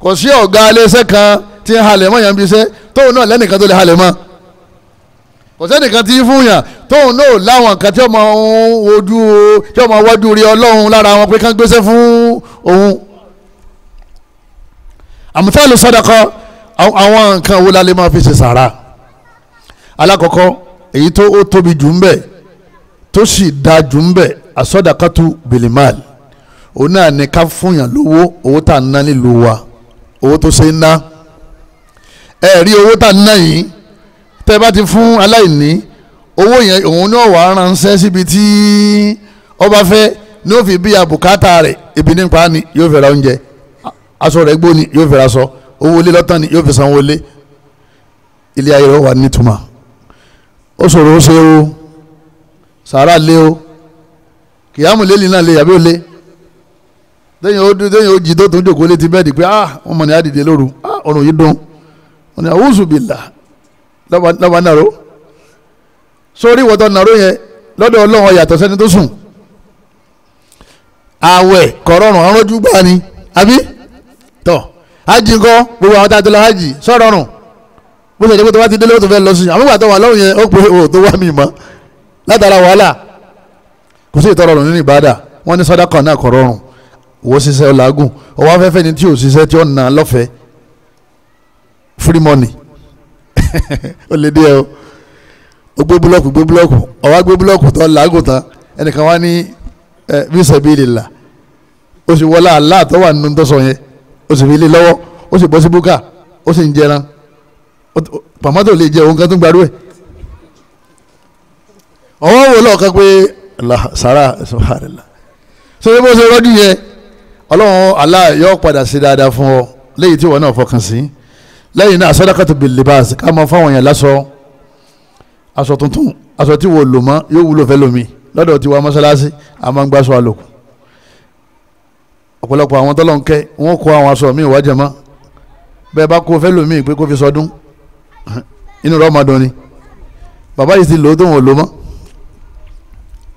kò sí ọ̀gá aléṣẹ́ kan tí ń halẹ̀ mọ́ yẹn bí iṣẹ́ tóun náà lẹ́nìkan tó lè halẹ̀ mọ́ kò sẹ́nìkan tí ń fún yàn tóun náà láwọn nǹkan tí ọmọ ojú tí ọmọ wọ́dú rí ọlọ́run lára wọn pé kán gbéṣẹ́ fún òun. àmútẹ́lù sọ́dọ̀kọ àwọn nǹkan wo la lè máa fi ṣe sàrà alákọ̀ọ́kọ́ èyí tó ó tóbi jù ń bẹ̀ tó sì dáa jù ń bẹ̀ àsọdàkàtú bìlìmáàlì òun náà ní ká fún yàn lówó owó tá à ń ná nílùú wa owó tó ṣe ń ná ẹ rí owó tá ń ná yìí tẹ́ bá ti fún aláìní owó yẹn òun náà wàá ránṣẹ́ síbi tí ọba fẹ́ ní ó fi bí abùkátà rẹ̀ ebi nípa ni yóò fẹ́ ra oúnjẹ aṣọ rẹ̀ gbó ni yóò fẹ́ ra aṣọ owó ilé lọ́tàn ni yóò fi sanwó ilé ilé ayé rẹ̀ wà nítumọ̀ ó ṣòro ó ṣe o sàárà lé o kìyàmù lélì náà le. yàbí ó lé. tẹ́yìn ó dún tẹ́yìn ó jí tó tó ń jòkó létí bẹ́ẹ̀ di pé ah wọ́n mọ̀ ní àdìdè lóru ah ọ̀run yìí dùn wọ́n ní àwùsù bìlà lọ́ba nàró sórí ìwọ́tọ̀ nàró yẹn lọ́dọ̀ ọlọ́run ọ̀yàtọ̀ sẹ́ni tó sùn àwẹ̀ kọ̀rọ̀rùn arọ́jú gbà ni àbí tọ̀ hajj ńkọ́ gbogbo àwọn tá a ti lọ hajj sọ̀rọ̀rùn bó ṣe jẹ́ pé tó bá ti tó fẹ́ lọ òwò ṣiṣẹ́ làágùn ọwọ́ afẹ́fẹ́ ni tí ò ṣiṣẹ́ tí ó nà lọ́fẹ̀ẹ́ free money (laughs) ó lè dé ẹ o ó gbé búlọ́ọ̀kù gbé búlọ́ọ̀kù ọwọ́ gbé búlọ́ọ̀kù tó làágùn tán ẹnìkan wá ní ẹ bísẹ̀bìlìlà ó sì wọlé àlá tó wà nínú tó sọ yẹn ó sì fi lé lọ́wọ́ ó sì bọ́ sí búkà ó sì ń jẹran pàmọ́tò lè jẹ òun kan tó gbarú ẹ̀ ọwọ́ wo lọ́ọ̀kan pé sàrà sọ́hárẹ̀lá sọ́dọ̀ bó ṣe rọ́dún yẹn ọlọ́run Allah yóò padà sí dáadáa fún ọ léyìí tí wọn náà fọkàn sí lẹ́yìn náà sadaqatu bil libas ká máa fáwọn èèyàn lásọ aṣọ tuntun aṣọ tí wọ́n lò mọ́ yóò wúlò fẹ́ lómi lọ́dọ̀ tiwa mọ́ṣáláṣí a máa ń gbàṣọ àlòkù ọ̀pọ̀lọpọ̀ àwọn tọ́lọ̀ ń kẹ́ wọ́n kó àwọn aṣọ mi ìwájà mọ́ bẹ́ẹ̀ bá kó fẹ́ lómi pé kó fi sọdún inú Ramadan ni bàbá yìí ti lò ó tó wọn lò mọ́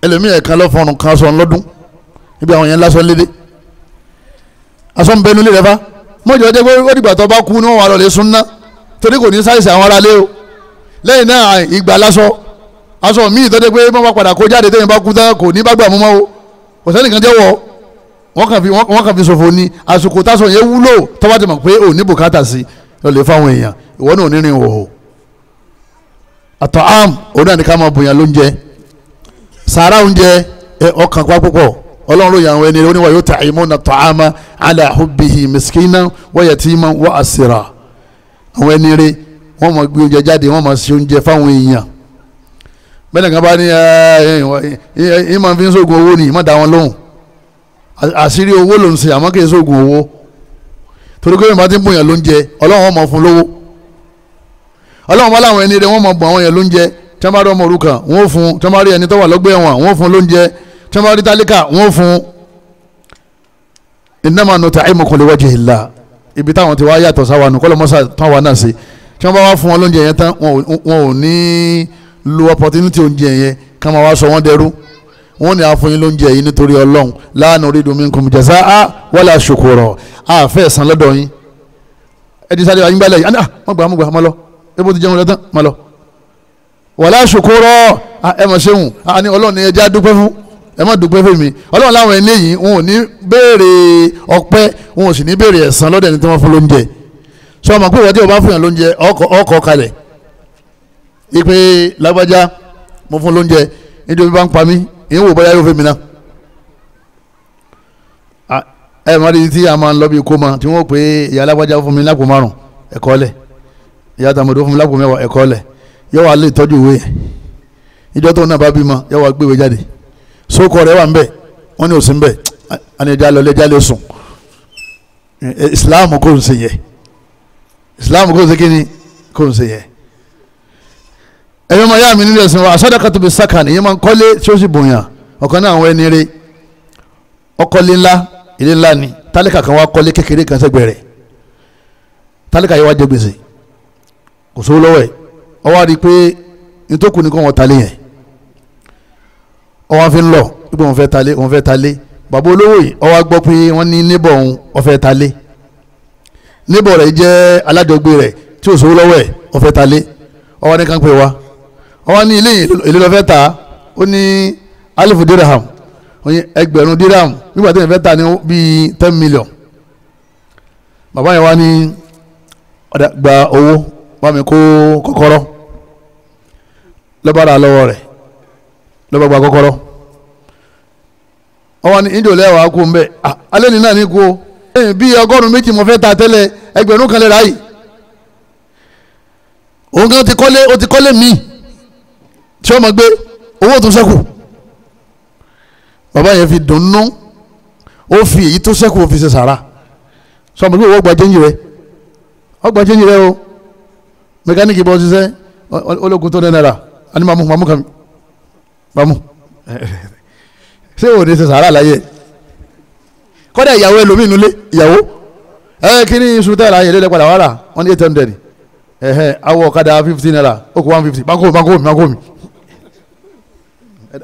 ẹlòmíì ẹ̀ka lọ́fọ̀ọ́nù kan aṣọ ńlọ́dún níbi àwọn yẹn lásán lédè aṣọ ń bẹ nulẹ̀ rẹ fa mọ̀jọ́ jẹ́ pé ó dìgbà tó bá kú ni wọ́n wà lọ lè súnná torí kò ní sáìsì àwọn aráalé o lẹ́yìn náà ìgbà lásọ aṣọ míì tó dé pé wọ́n bá padà kó jáde tẹ́yìn bá kú tán kò ní bá gbà mú mọ́ o kò sẹ́nìkan jẹ́ wọ̀ wọ́n kàn fi wọ́n ni àsìkò tásọ yẹn wúlò tó bá ti mọ̀ pé ò bùkátà sí lọ fáwọn èèyàn ìwọ ní rìn wọ̀ o àtọ̀ am òun náà ní ká máa bùyàn lóúnjẹ sàárà oúnjẹ ọkàn pa púpọ̀ ọlọ́run ló yà àwọn ẹni oníwà yóò tà ìmọ̀ nà tọ́ àmà ala hubbihi miskina wa yatima wa asira àwọn ẹni rẹ wọ́n máa gbé oúnjẹ jáde wọ́n máa ṣe oúnjẹ fáwọn èèyàn bẹ́ẹ̀ nìkan bá ní ẹ ah, eh, eh, eh, ìmọ̀ fi ń sóògùn owó ni ìmọ̀ dá wọn lóhùn àṣírí owó ló ń ṣe àmọ́ kì í sóògùn owó torí pé ìmọ̀ ti ń bòyàn lóúnjẹ ọlọ́run wọn máa fún lówó ọlọ́run wọn láwọn ẹni rẹ wọ́n máa bọ̀ àwọn èèyàn lóúnjẹ tí wọ́n bá rí ọmọ tí wọ́n bá rí tálíkà wọ́n fún innama nut'imukum liwajhillah ibi táwọn ti wá yàtọ̀ sáwọn nù kọ́lọ́mọ́sà táwọn wà náà sí tí wọ́n bá wá fún wọn lóúnjẹ yẹn tán wọn ò ní lo opportunity oúnjẹ yẹn ká wá sọ wọ́n dẹrú wọ́n ní àfọyín lóúnjẹ yìí nítorí ọlọ́run la nuridu minkum jazaa wala shukura àfẹ́ ẹ̀sán lọ́dọ̀ yín ẹdí sáré wa yín gbálẹ̀ yìí wọ́n ah, gbà wọ́n má lọ ebo ti jẹun lọ́tàn má lọ wala shukura ẹ mọ̀ ṣeun àní ọlọ́run ni ẹja dúpẹ́ fún ẹ má dúpẹ́ fún mi ọlọ́run láwọn eléyìí wọn ò ní béèrè ọpẹ́ wọn ò sì ní béèrè ẹ̀san lọ́dọ̀ ẹni tí wọ́n fún lóúnjẹ sọ ma pé ìwọ tí o bá fún yàn lóúnjẹ ọkọ̀ kalẹ̀ ipe lágbájá mo fún lóúnjẹ nítorí bá ń pa mí ìyẹn wò bóyá yóò fẹ́ mi náà ẹ mọ di tí a máa ń lọ bí kó ma tí wọn pè é ìyá alágbájá fún mi lápò márùn ẹkọ lẹ ìyá tàmọdó fún mi lápò mẹ́wàá ẹkọ lẹ yọ wà lè tọ́jú ìwé yẹn ìjọ tó náà bá bímọ yọ wà gbéwèé jáde sókò rẹ wà ń bẹ wọn ní òsín bẹ àni ẹja lọ lẹja lè sùn islam kò ń ṣe yẹ islam kò ń ṣe kíni kò ń ṣe yẹ ẹyọ máa yá mi nílẹ̀ ẹ̀sìn wa àṣàdàkà tó fi sàkà nìyẹn máa ń kọ́lé tí ó sì bòyàn ọ̀kan náà àwọn ẹni rẹ ọkọ̀lé ńlá ilé ni tálíkà kan wá kọ́lé kékeré kan sẹ́gbẹ̀ẹ́ rẹ̀ tálíkà yẹn wá jẹ kò sówó lọ́wọ́ ẹ̀ ọwọ́ àdìpé nítòkù nìkan wọ́n ta lé ọwọ́ fi ń lọ ibo òun fẹ́ talé òun fẹ́ talé bàbá olówó yìí ọwọ́ gbọ́ pé wọ́n ní níbọ̀ òun ọ̀fẹ́ talé níbọ̀ rẹ̀ jẹ́ alájọgbé rẹ̀ tí ò sówó lọ́wọ́ ẹ̀ ọ̀fẹ́ talé ọwọ́ ní kánpẹ́ wa ọwọ́ ní ilé ìlú lọ́fẹ́ ta ó ní alifu dirham oyin ẹgbẹ̀rún dirham nígbà tí ìfẹ́ ta ní bíi ten million bàbá yẹn wá ní ọ̀dà gba owó bá mi kó kọ́kọ́rọ́ lọ́bàrà lọ́wọ́ rẹ̀ lọ́ba gba kọ́kọ́rọ́ ọwọ́ ah, ni ìjọ lẹ́wàá kú ń bẹ́ alẹ́ ní náà ní kú o bí ọgọ́rùn-ún méjì mo fẹ́ ta tẹ́lẹ̀ ẹgbẹ̀rún kan lè ráyè òun kan ti kọ́lé o ti kọ́lé míì tí ó máa gbé owó tó sẹ́kù bàbá yẹn fi dùnnú ó fi èyí tó sẹ́kù fi ṣe sàrà sọmọ pé owó gbajẹ́ yìí rẹ ọgbà jẹ́ rẹ o mẹkáníìkì bọ́ ṣiṣẹ́ ológun tó dẹ́ náírà àní màmú màmú kan bámu ṣé òde ṣe sàárà láyé kọ́dà ìyàwó ẹlòmíì nulẹ̀ ìyàwó ẹ kí ni iṣu tẹ́ láyé lẹ́lẹ́ padà wàrà wọ́n ní eight hundred ẹ̀hẹ́ awọ ọ̀kadà fifteen naira ó kó one fifty báńkò mi báńkò mi báńkò mi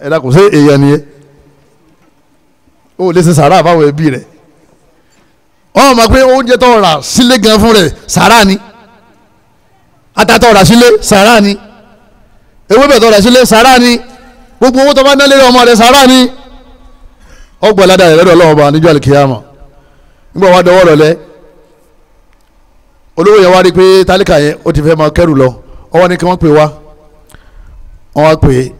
ẹ̀dá kò sí èèyàn nìyẹn ó lè ṣe sàárà fáwọn ẹbí rẹ̀ wọ́n mọ̀ pé oúnjẹ tó rà sílé gan fún rẹ̀ sàárà ni ata tó rà sílé sàárà ni ewébẹ̀ tó rà sílé sàárà ni gbogbo owó tó bá ná lérí ọmọ rẹ̀ sàrà ni ọgbà ládàá rẹ̀ lọ́dọ̀ ọlọ́wọ́ bá níjọ́ àlìkíyàmọ̀ nígbà wàá dọwọ́ rọlẹ́ olówó yẹn wá rí i pé tálíkà yẹn ó ti fẹ́ máa kẹ́rù lọ ọwọ́ ni kí wọ́n pè wá wọ́n wá pè é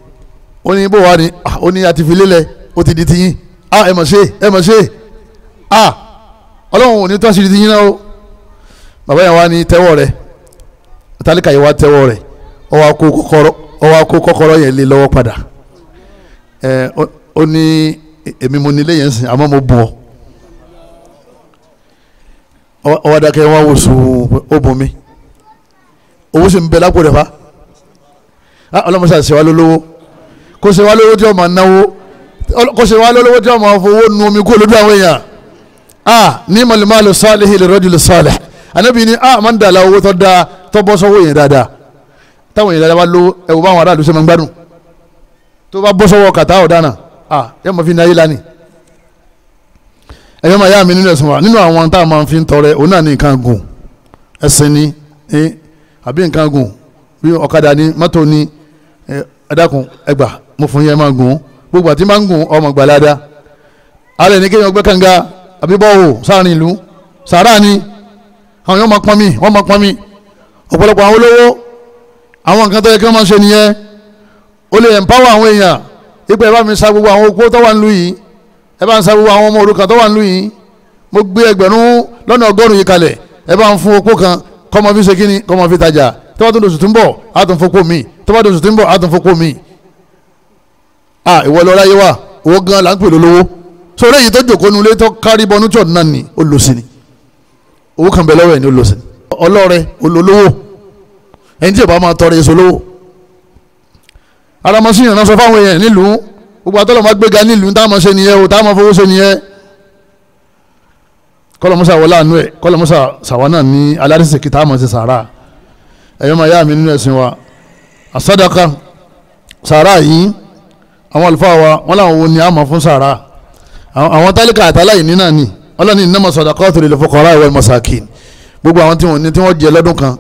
ó ní bó wá ni ó ní àti fi lélẹ̀ ó ti di tiyín a ẹ mọ̀ ṣe ẹ mọ̀ ṣe a ọlọ́run ò ní tọ́sí di tiyín náà o bàbá yẹn wá ní tẹ́wọ́ rẹ̀ tálíkà yẹn wá tẹ́wọ́ rẹ̀ ó wá kọ́kọ́rọ́ yẹn lé lọ́wọ́ padà ẹ ó ní èmi mo nílé yẹn sìn àmọ́ mo bọ̀ ọwọ́ dákẹ́ wọn wò sùn ó bùn mi owó sì ń bẹ lápò rẹ̀ fa ah, ọlọ́mọṣà ṣe wá lólówó kó ṣe wá lólówó tí ọmọ náwó kó ṣe wá lólówó tí ọmọ fowó nu omi kó lójú àwọn èèyàn ah ní màlúmá lè sọ́ọ̀lì hìlẹ̀ rọ́jù lè sọ́ọ̀lì ànábì ni ah máa ń dàlà owó tó dáa tó bọ́ sọ́wọ́ yẹn dáadáa táwọn yẹn dáadáa wá lówó ẹ̀wọ̀n báwọn aráàlú ṣe máa ń gbádùn. tó bá bọ́ sọ́wọ́ kàtá ọ̀daràn à yẹ mọ̀ fi ní ayé lánìí ẹ̀yọ́ máa yá mi nínú ẹ̀sìn wa nínú àwọn tá a máa fi ń tọrẹ òun náà ní nǹkan gùn ẹ̀sìn ni àbí nǹkan gùn bí ọ̀kadà ni mọ́tò ni ẹ̀dákun ẹgbà mo fún yẹn máa gùn gbogbo àti máa gùn ọmọ gbàládá alẹ́ ní kéèyàn gbẹ́ kànga àbí bọ́wọ́ sáàrin ìlú sàárà ni àwọn yóò máa pọ́n wọ́n máa pọ́n ọ̀pọ̀lọpọ̀ àwọn olówó àwọn nǹkan tó yẹ kí wọ́n máa ṣe nìyẹn o lè empower àwọn èèyàn ipò ẹ bá mi sa gbogbo àwọn opó tó wà ń lù yìí ẹ bá ń sa gbogbo àwọn ọmọ òrukàn tó wà ń lù yìí mo gbé ẹgbẹ̀rún lọ́nà ọgọ́rùn-ún yìí kalẹ̀ ẹ ń fún opó kan kọ́mọ fi ṣe kíni kọ́mọ fi tajà tó bá tó lóṣù tó ń bọ̀ á tún fokó mi tó bá tó lóṣù tó ń bọ̀ á tún fokó mi. a ìwọ lọ láyé wa owó gan la ń pè lólówó sórí èyí tó jòkó nulẹ̀ tó kárí bọ́nú tíọ̀ náà ni ẹni tí ò bá máa tọrẹ èso lówó aramasi yànnà sọ fáwọn èèyàn nílùú gbogbo àtọ́lọ̀ máa gbéga nílùú tá a máa ṣe nìyẹn o tá a máa fowó ṣe nìyẹn kọlọmọsà wọlé àánú ẹ kọlọmọsà sàwọn náà ní alárìsèkì tá a máa ṣe sàrà ẹ̀yọ́ máa yá mi nínú ẹ̀sìn wa àsádàkà sàrà yìí àwọn àlùfáà wa wọn làwọn wo ni a máa fún sàrà àwọn tálíkà àtàláyìí nínà ni wọn lọ́ni innama sadaqatu lil fuqara wal masakin gbogbo àwọn tí wọ́n ní tí wọ́n jẹ lọ́dún kan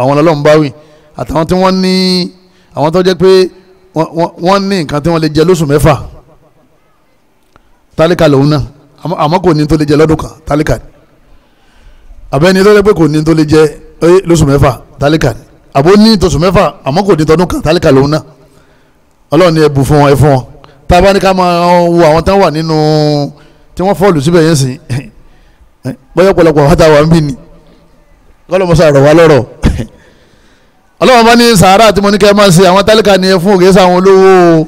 àwọn ọlọ́run báwì àtàwọn tí wọ́n ní àwọn tó jẹ́ pé wọ́n ní nǹkan tí wọ́n lè jẹ lóṣù mẹ́fà tálíkà lòun náà àmọ́ kò ní tó lè jẹ lọ́dún kan tálíkà ni àbẹ́ni tó lè pé kò ní tó lè jẹ lóṣù mẹ́fà tálíkà ni àbó ní tòṣù mẹ́fà àmọ́ kò ní tọdún kan tálíkà lòun náà ọlọ́run ni ẹ bù fún wọn ẹ fún wọn tá a bá ní ká máa wo àwọn tán wà nínú tí wọ́n fọ́ọ̀lù síbẹ̀ yẹn sìn bọ́yọ̀ pọ̀lọpọ̀ wàtà wà ń bì ní rọ̀ wá lọ́rọ̀ (laughs) ọlọ́wọ́n bá ní sàárà tí mo ní kẹ́ máa ṣe àwọn tálíkà ni ẹ fún òkè sáwọn olówó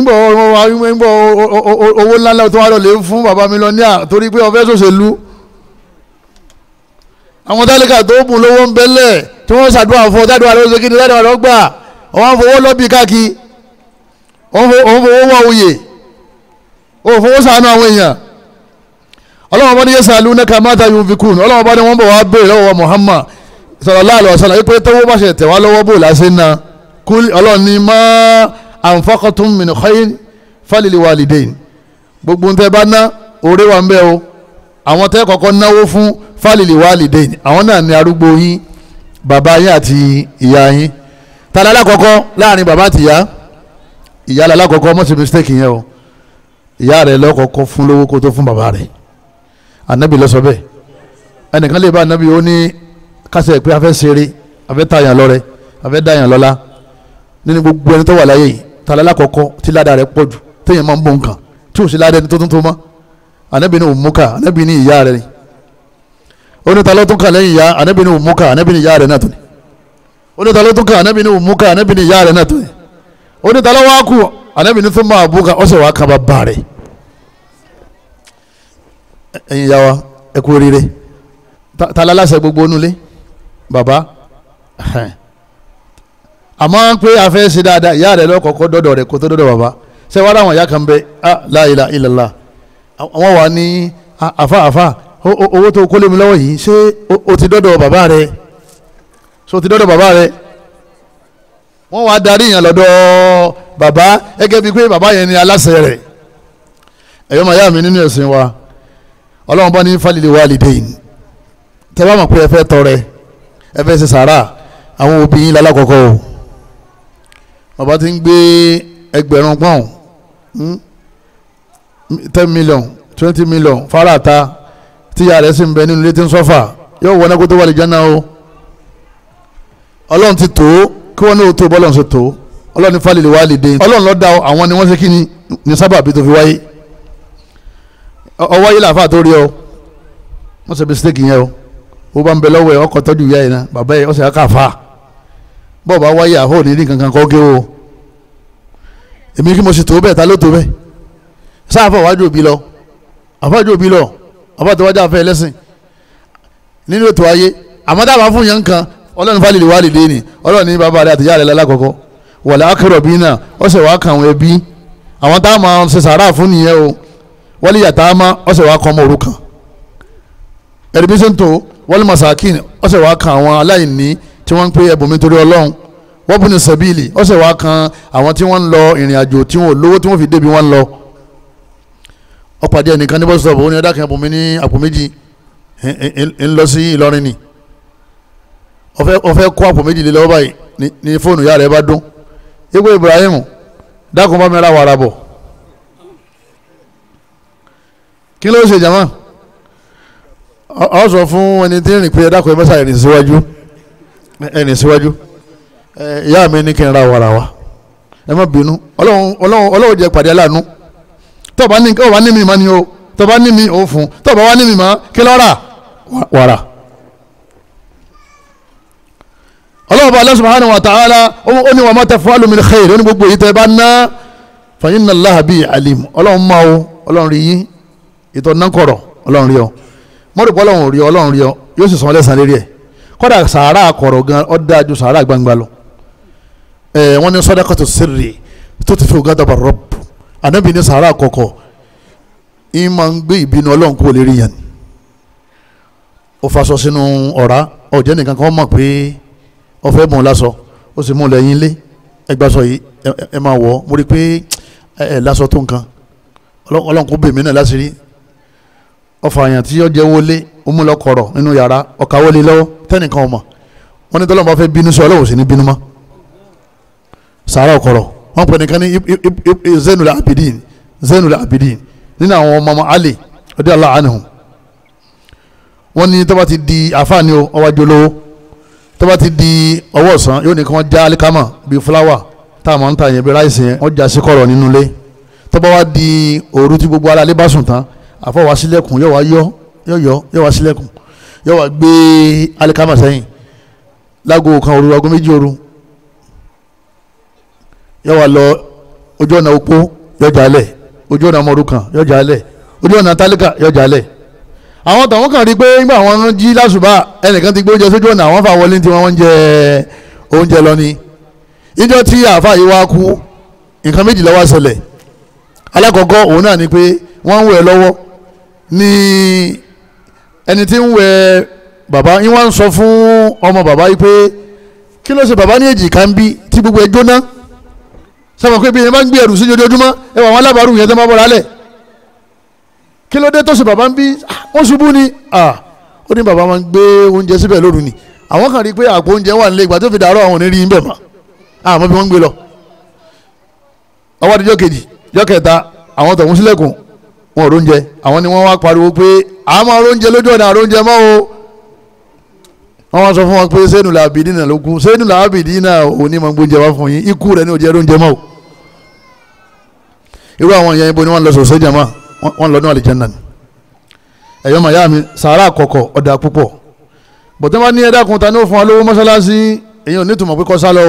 nbọ nbọ owó ńláńlá tó wà lọlé fún bàbá mi lọ ní à torí pé ọfẹ ṣòṣèlú àwọn tálíkà tó bùn lówó ń bẹ́lẹ̀ tí wọ́n ṣàdúrà fún ọ̀tàdúrà lọ́wọ́ ṣèkìdí ládùúgbà lọ́gbà ọ̀hún fowó lọ́bì káàkiri ọ̀hún fowó wọ òye ọ̀hún fowó sànú àwọn èèyàn ọlọ́wọ́n bá ní yẹ sàlú náà kà má ta yunfikun ọlọ́wọ́n bá ní wọ́n bọ̀ wá bẹ́ẹ̀ lọ́wọ́ Muhammad sallallahu alaihi wasallam yìí pé tówó bá ṣe tẹ̀ wá lọ́wọ́ bò láṣẹ náà kúl ọlọ́run ní ma anfaqtum min khayrin falil walidayn gbogbo ń tẹ́ bá ná òré wa ń bẹ́ o àwọn tẹ́ kọ́kọ́ náwó fún falil walidayn àwọn náà ní arúgbó yín bàbá yín àti ìyá yín tàdá alákọ̀ọ́kọ́ láàrin bàbá àti ìyá ìyá alákọ̀ọ́kọ́ mọ̀ sí mistake yẹn o ìyá rẹ̀ lọ́kọ̀ọ́kọ́ fún lówó kó tó fún bàbá rẹ̀ ànábì ló sọ bẹ́ẹ̀ ẹnìkan lè bá ànábì ó ní kásẹ̀ pé afẹ́ ṣeré afẹ́ tààyàn lọ́rẹ́ afẹ́ dààyàn lọ́lá nínú gbogbo ẹni tó wà láyé yìí tàlálà kọ̀ọ̀kọ́ tí ládàá rẹ̀ pọ̀jù téèyàn máa ń bọ̀ nǹkan tí ò sí ládàá ẹni tó tún tó mọ́ ànábì ní òmùkà ànábì ní ìyá rẹ̀ ni oníta ló tún kà lẹ́yìn ìyá ànábì ní òmùkà ànábì ní ìyá rẹ̀ náà tó ni oníta ló tún kà ànábì ní òmùkà ìyá rẹ̀ náà tó ni oníta wá kù ànábì tó máa bùkà ọ̀sẹ̀ wàá kaba bá ẹ̀yin ìyá wa ẹ kú oríire sẹ gbogbo onúlé bàbá àmọ́ pé a fẹ́ ṣe dáadáa ìyá rẹ̀ lọ́kọ̀ọ́kọ́ dọ́dọ̀ rẹ̀ kó tó dọ́dọ̀ bàbá ṣé wàá láwọn ìyá kan bẹ ah, la ilaha illallah àwọn wà ní àfa ah, àfa owó tó kólé mi lọ́wọ́ yìí ṣé o ti dọ́dọ̀ bàbá rẹ̀ ṣé o ti dọ́dọ̀ bàbá rẹ̀ wọ́n wá darí yẹn lọ́dọ̀ bàbá gẹ́gẹ́ bíi pé bàbá yẹn ni aláṣẹ rẹ̀ ẹ̀yọ́ màá yá mi nínú ẹ̀sìn wa ọlọ́run bá ní fálílì wálídéyìn tẹ́ bá mọ̀ pé ẹ fẹ́ tọrẹ ẹ fẹ́ ṣe sàrà àwọn òbí yín o bàbá ti ń gbé ẹgbẹ̀rún pọ́n hmm, ten million twenty million fárata tíya rẹ̀ sì ń bẹ nínú ilé tí ń sọ́fà yóò wọ ẹnẹ́kó tó wà lè jẹ́ náà o ọlọ́run ti tó kí wọ́n ní o tó bọ́lọ́run ṣe tó ọlọ́run ní fálẹ̀ lè wá lè dé ọlọ́run lọ́ọ́ da àwọn ni wọ́n ṣe kí ni ní sábàbí tó fi wáyé ọwọ́ yìí làáfà tó rí ọ wọ́n ṣe mistake yẹn o ó bá ń bẹ lọ́wọ́ ẹ̀ ọkọ̀ tọ́jú ìyá ẹ̀ náà bàbá ẹ̀ ọ̀sẹ̀ ká fà á bọ́ọ̀ bá wáyé àhó ní ní kankan kọ́ gé o èmi kí mo sì tó bẹ́ẹ̀ ta ló tó bẹ́ẹ̀ sáà fọ wájú òbí lọ àfájú òbí lọ àfájú wájú àfẹ́ ẹlẹ́sìn nínú ètò ayé àmọ́ dábàá fún yẹn nǹkan ọlọ́run fálẹ̀ wà lè dé ni ọlọ́run ní bàbá rẹ àtìyá rẹ lálákọ̀ọ́kọ́ wọ̀lẹ́ akérò bí náà ọ̀sẹ̀ wàá kàn wọ́n ẹbí àwọn tá a máa ṣe sàárà fún nìyẹn o wọ́n lè yàtá a má ọ̀sẹ̀ wàá kọ́ ọmọ òrukàn ẹ̀rí bí sẹ́ńtò wal masakin ọ̀sẹ̀ wàá kan àwọn aláìní tí wọ́n ń pè ẹ̀bùnmi torí ọlọ́run wọ́n bú ní sẹ́bíìlì ọ̀sẹ̀ wàá kan àwọn tí wọ́n ń lọ ìrìn àjò tí wọ́n lówó tí wọ́n fi débi wọ́n ń lọ. ọ̀pàdé ẹnìkan ní bọ́sítọ̀ bò ó ní ẹ̀dá ẹ̀bùnmi ní àpò méjì ń lọ sí Ìlọrin ni ọ̀fẹ́ kó àpò méjì lé lọ́wọ́ báyìí ní fóònù yàrá ọ sọ fún ẹni tí ń rìn pé ẹ dákun ẹ mẹ́sà ẹni síwájú ẹni síwájú ìyá mi ní kí n ra wàrà wa ẹ má bínú ọlọ́run ọlọ́run ọlọ́run jẹ pàdé aláàánú tọ́ba ní ọba ní mi má ni o tọ́ba ní mi ò fún tọ́ba wá ní mi má kí lọ́ọ́ wàrà. ọlọ́run bá subhanahu wa ta'ala ó ní wa ma taf'alu min khair ó ní gbogbo èyí tẹ́ bá ná fa inna Allaha alim ọlọ́run máa wo ọlọ́run rí yín ìtọ̀ náà ọlọ́run rí ọ mọ́rò pé ọlọ́run rí ọlọ́run rí ọ yóò sì san ọlẹ́sàn lérí ẹ̀ kọ́dà sàárà kọ̀rọ̀ gan ó dáa ju sàárà gbangba lọ ẹ̀ wọ́n ní sadaqatu sirri tó ti fi ghadaba rabb ànábì ní sàárà kọ̀kọ̀ ń máa ń gbé ìbínú ọlọ́run kúrò lérí yẹn ó faṣọ sínú ọ̀rá ọ̀jẹ́ nìkan kan mọ̀ pé ó fẹ́ mú un ó sì mú un lẹ́yìn lé ẹgbàṣọ yìí ẹ máa wọ̀ mo rí pé ẹ láṣọ tó nǹkan ọlọ́run kò bèmí náà láṣìírí ọfà àyàn tí yóò jẹ́ wọlé omúlọ́kọ̀rọ̀ nínú yàrá ọ̀ka wọlé lọ́wọ́ tẹ́nìkan ọmọ wọn ní tọ́lọ́mọ fẹ́ bínú sọ ọlọ́wọ́ sí ní bínú mọ́ sàárà ọ̀kọ̀rọ̀ wọn pè nìkan ní Zainul Abidin Zainul Abidin nínú àwọn ọmọ ọmọ Ali ọdẹ Allah anhu wọn ní tọ́ba ti di àfààní ọwájú olówó tọ́ba ti di ọwọ́ ọ̀sán yóò ní kí wọ́n já alikama bíi fúláwà tá a máa ń ta yẹn bíi ráìsì yẹn wọ́n já síkọ̀rọ̀ nínú ilé tọ́ba wa di òru tí gbogbo alẹ́ bá sùn tán àfọwà sílẹ̀kùn yóò wá yọ yọ yọ yọ wá sílẹ̀kùn yọ wá gbé alikama sẹ́yìn lágò kan òru aago méjì òru yọ wá lọ ojú ọ̀nà opó yọ jálẹ̀ ojú ọ̀nà ọmọ òrukàn yọ jálẹ̀ ojú ọ̀nà tálíkà yọ jálẹ̀ àwọn tàwọn kan rí i pé nígbà wọn jí lásùbà ẹnìkan ti gbé oúnjẹ sójú ọ̀nà àwọn fà wọlé tí wọ́n ń jẹ oúnjẹ lọ ni ìjọ tí àáfàá yìí wá kú nǹkan méjì wá ṣẹlẹ̀ alákọ̀ọ́kọ́ òun náà ni pé wọ́n ń wẹ̀ lọ́wọ́ ni ẹni tí ń wẹ bàbá yín wá ń sọ fún ọmọ bàbá yìí pé kí ló ṣe bàbá ní èjìká ń bí tí gbogbo ẹ jóná sábà pé bí yẹn bá ń gbé ẹrù sí ojoojúmọ́ ẹ wà wọn alábàárù yẹn tó máa bọ̀rọ̀ alẹ̀ kí ló dé tó ṣe bàbá ń bí ah, wọ́n ṣubú ni ah, ó ní bàbá máa gbé oúnjẹ síbẹ̀ lóru ni àwọn kan rí i pé àpò oúnjẹ wà nílé ìgbà tó fi dàárọ̀ àwọn ò ní rí i ń bẹ̀ mọ́ ah, àmọ́ bí wọ́n ń gbé lọ ọwọ́ adijọ́ kejì jọ́ kẹta àwọn tọ̀hún sílẹ̀kùn wọn ò róúnjẹ àwọn ni wọ́n wá pariwo pé àmọ́ róúnjẹ lójú ọ̀nà àróúnjẹ mọ́ o wọ́n wá sọ fún wọn pé sẹ́nu làbìdí náà ló kú sẹ́nu làbìdí náà òní máa gbóúnjẹ wá fún yín ikú rẹ̀ ní òjẹ́ róúnjẹ mọ́ o irú àwọn yẹn ibo ni wọ́n lọ sọ̀sọ́ jama wọ́n lọ ní àlìjẹ́nà ni ẹ̀yọ́ màyá mi sàárà àkọ́kọ́ ọ̀dà púpọ̀ bọ̀tẹ́ bá ní ẹ̀dá kun ta ní ó fún wa lówó mọ́ṣáláṣí èyàn ò ní tùmọ̀ pé kọ́ sá lọ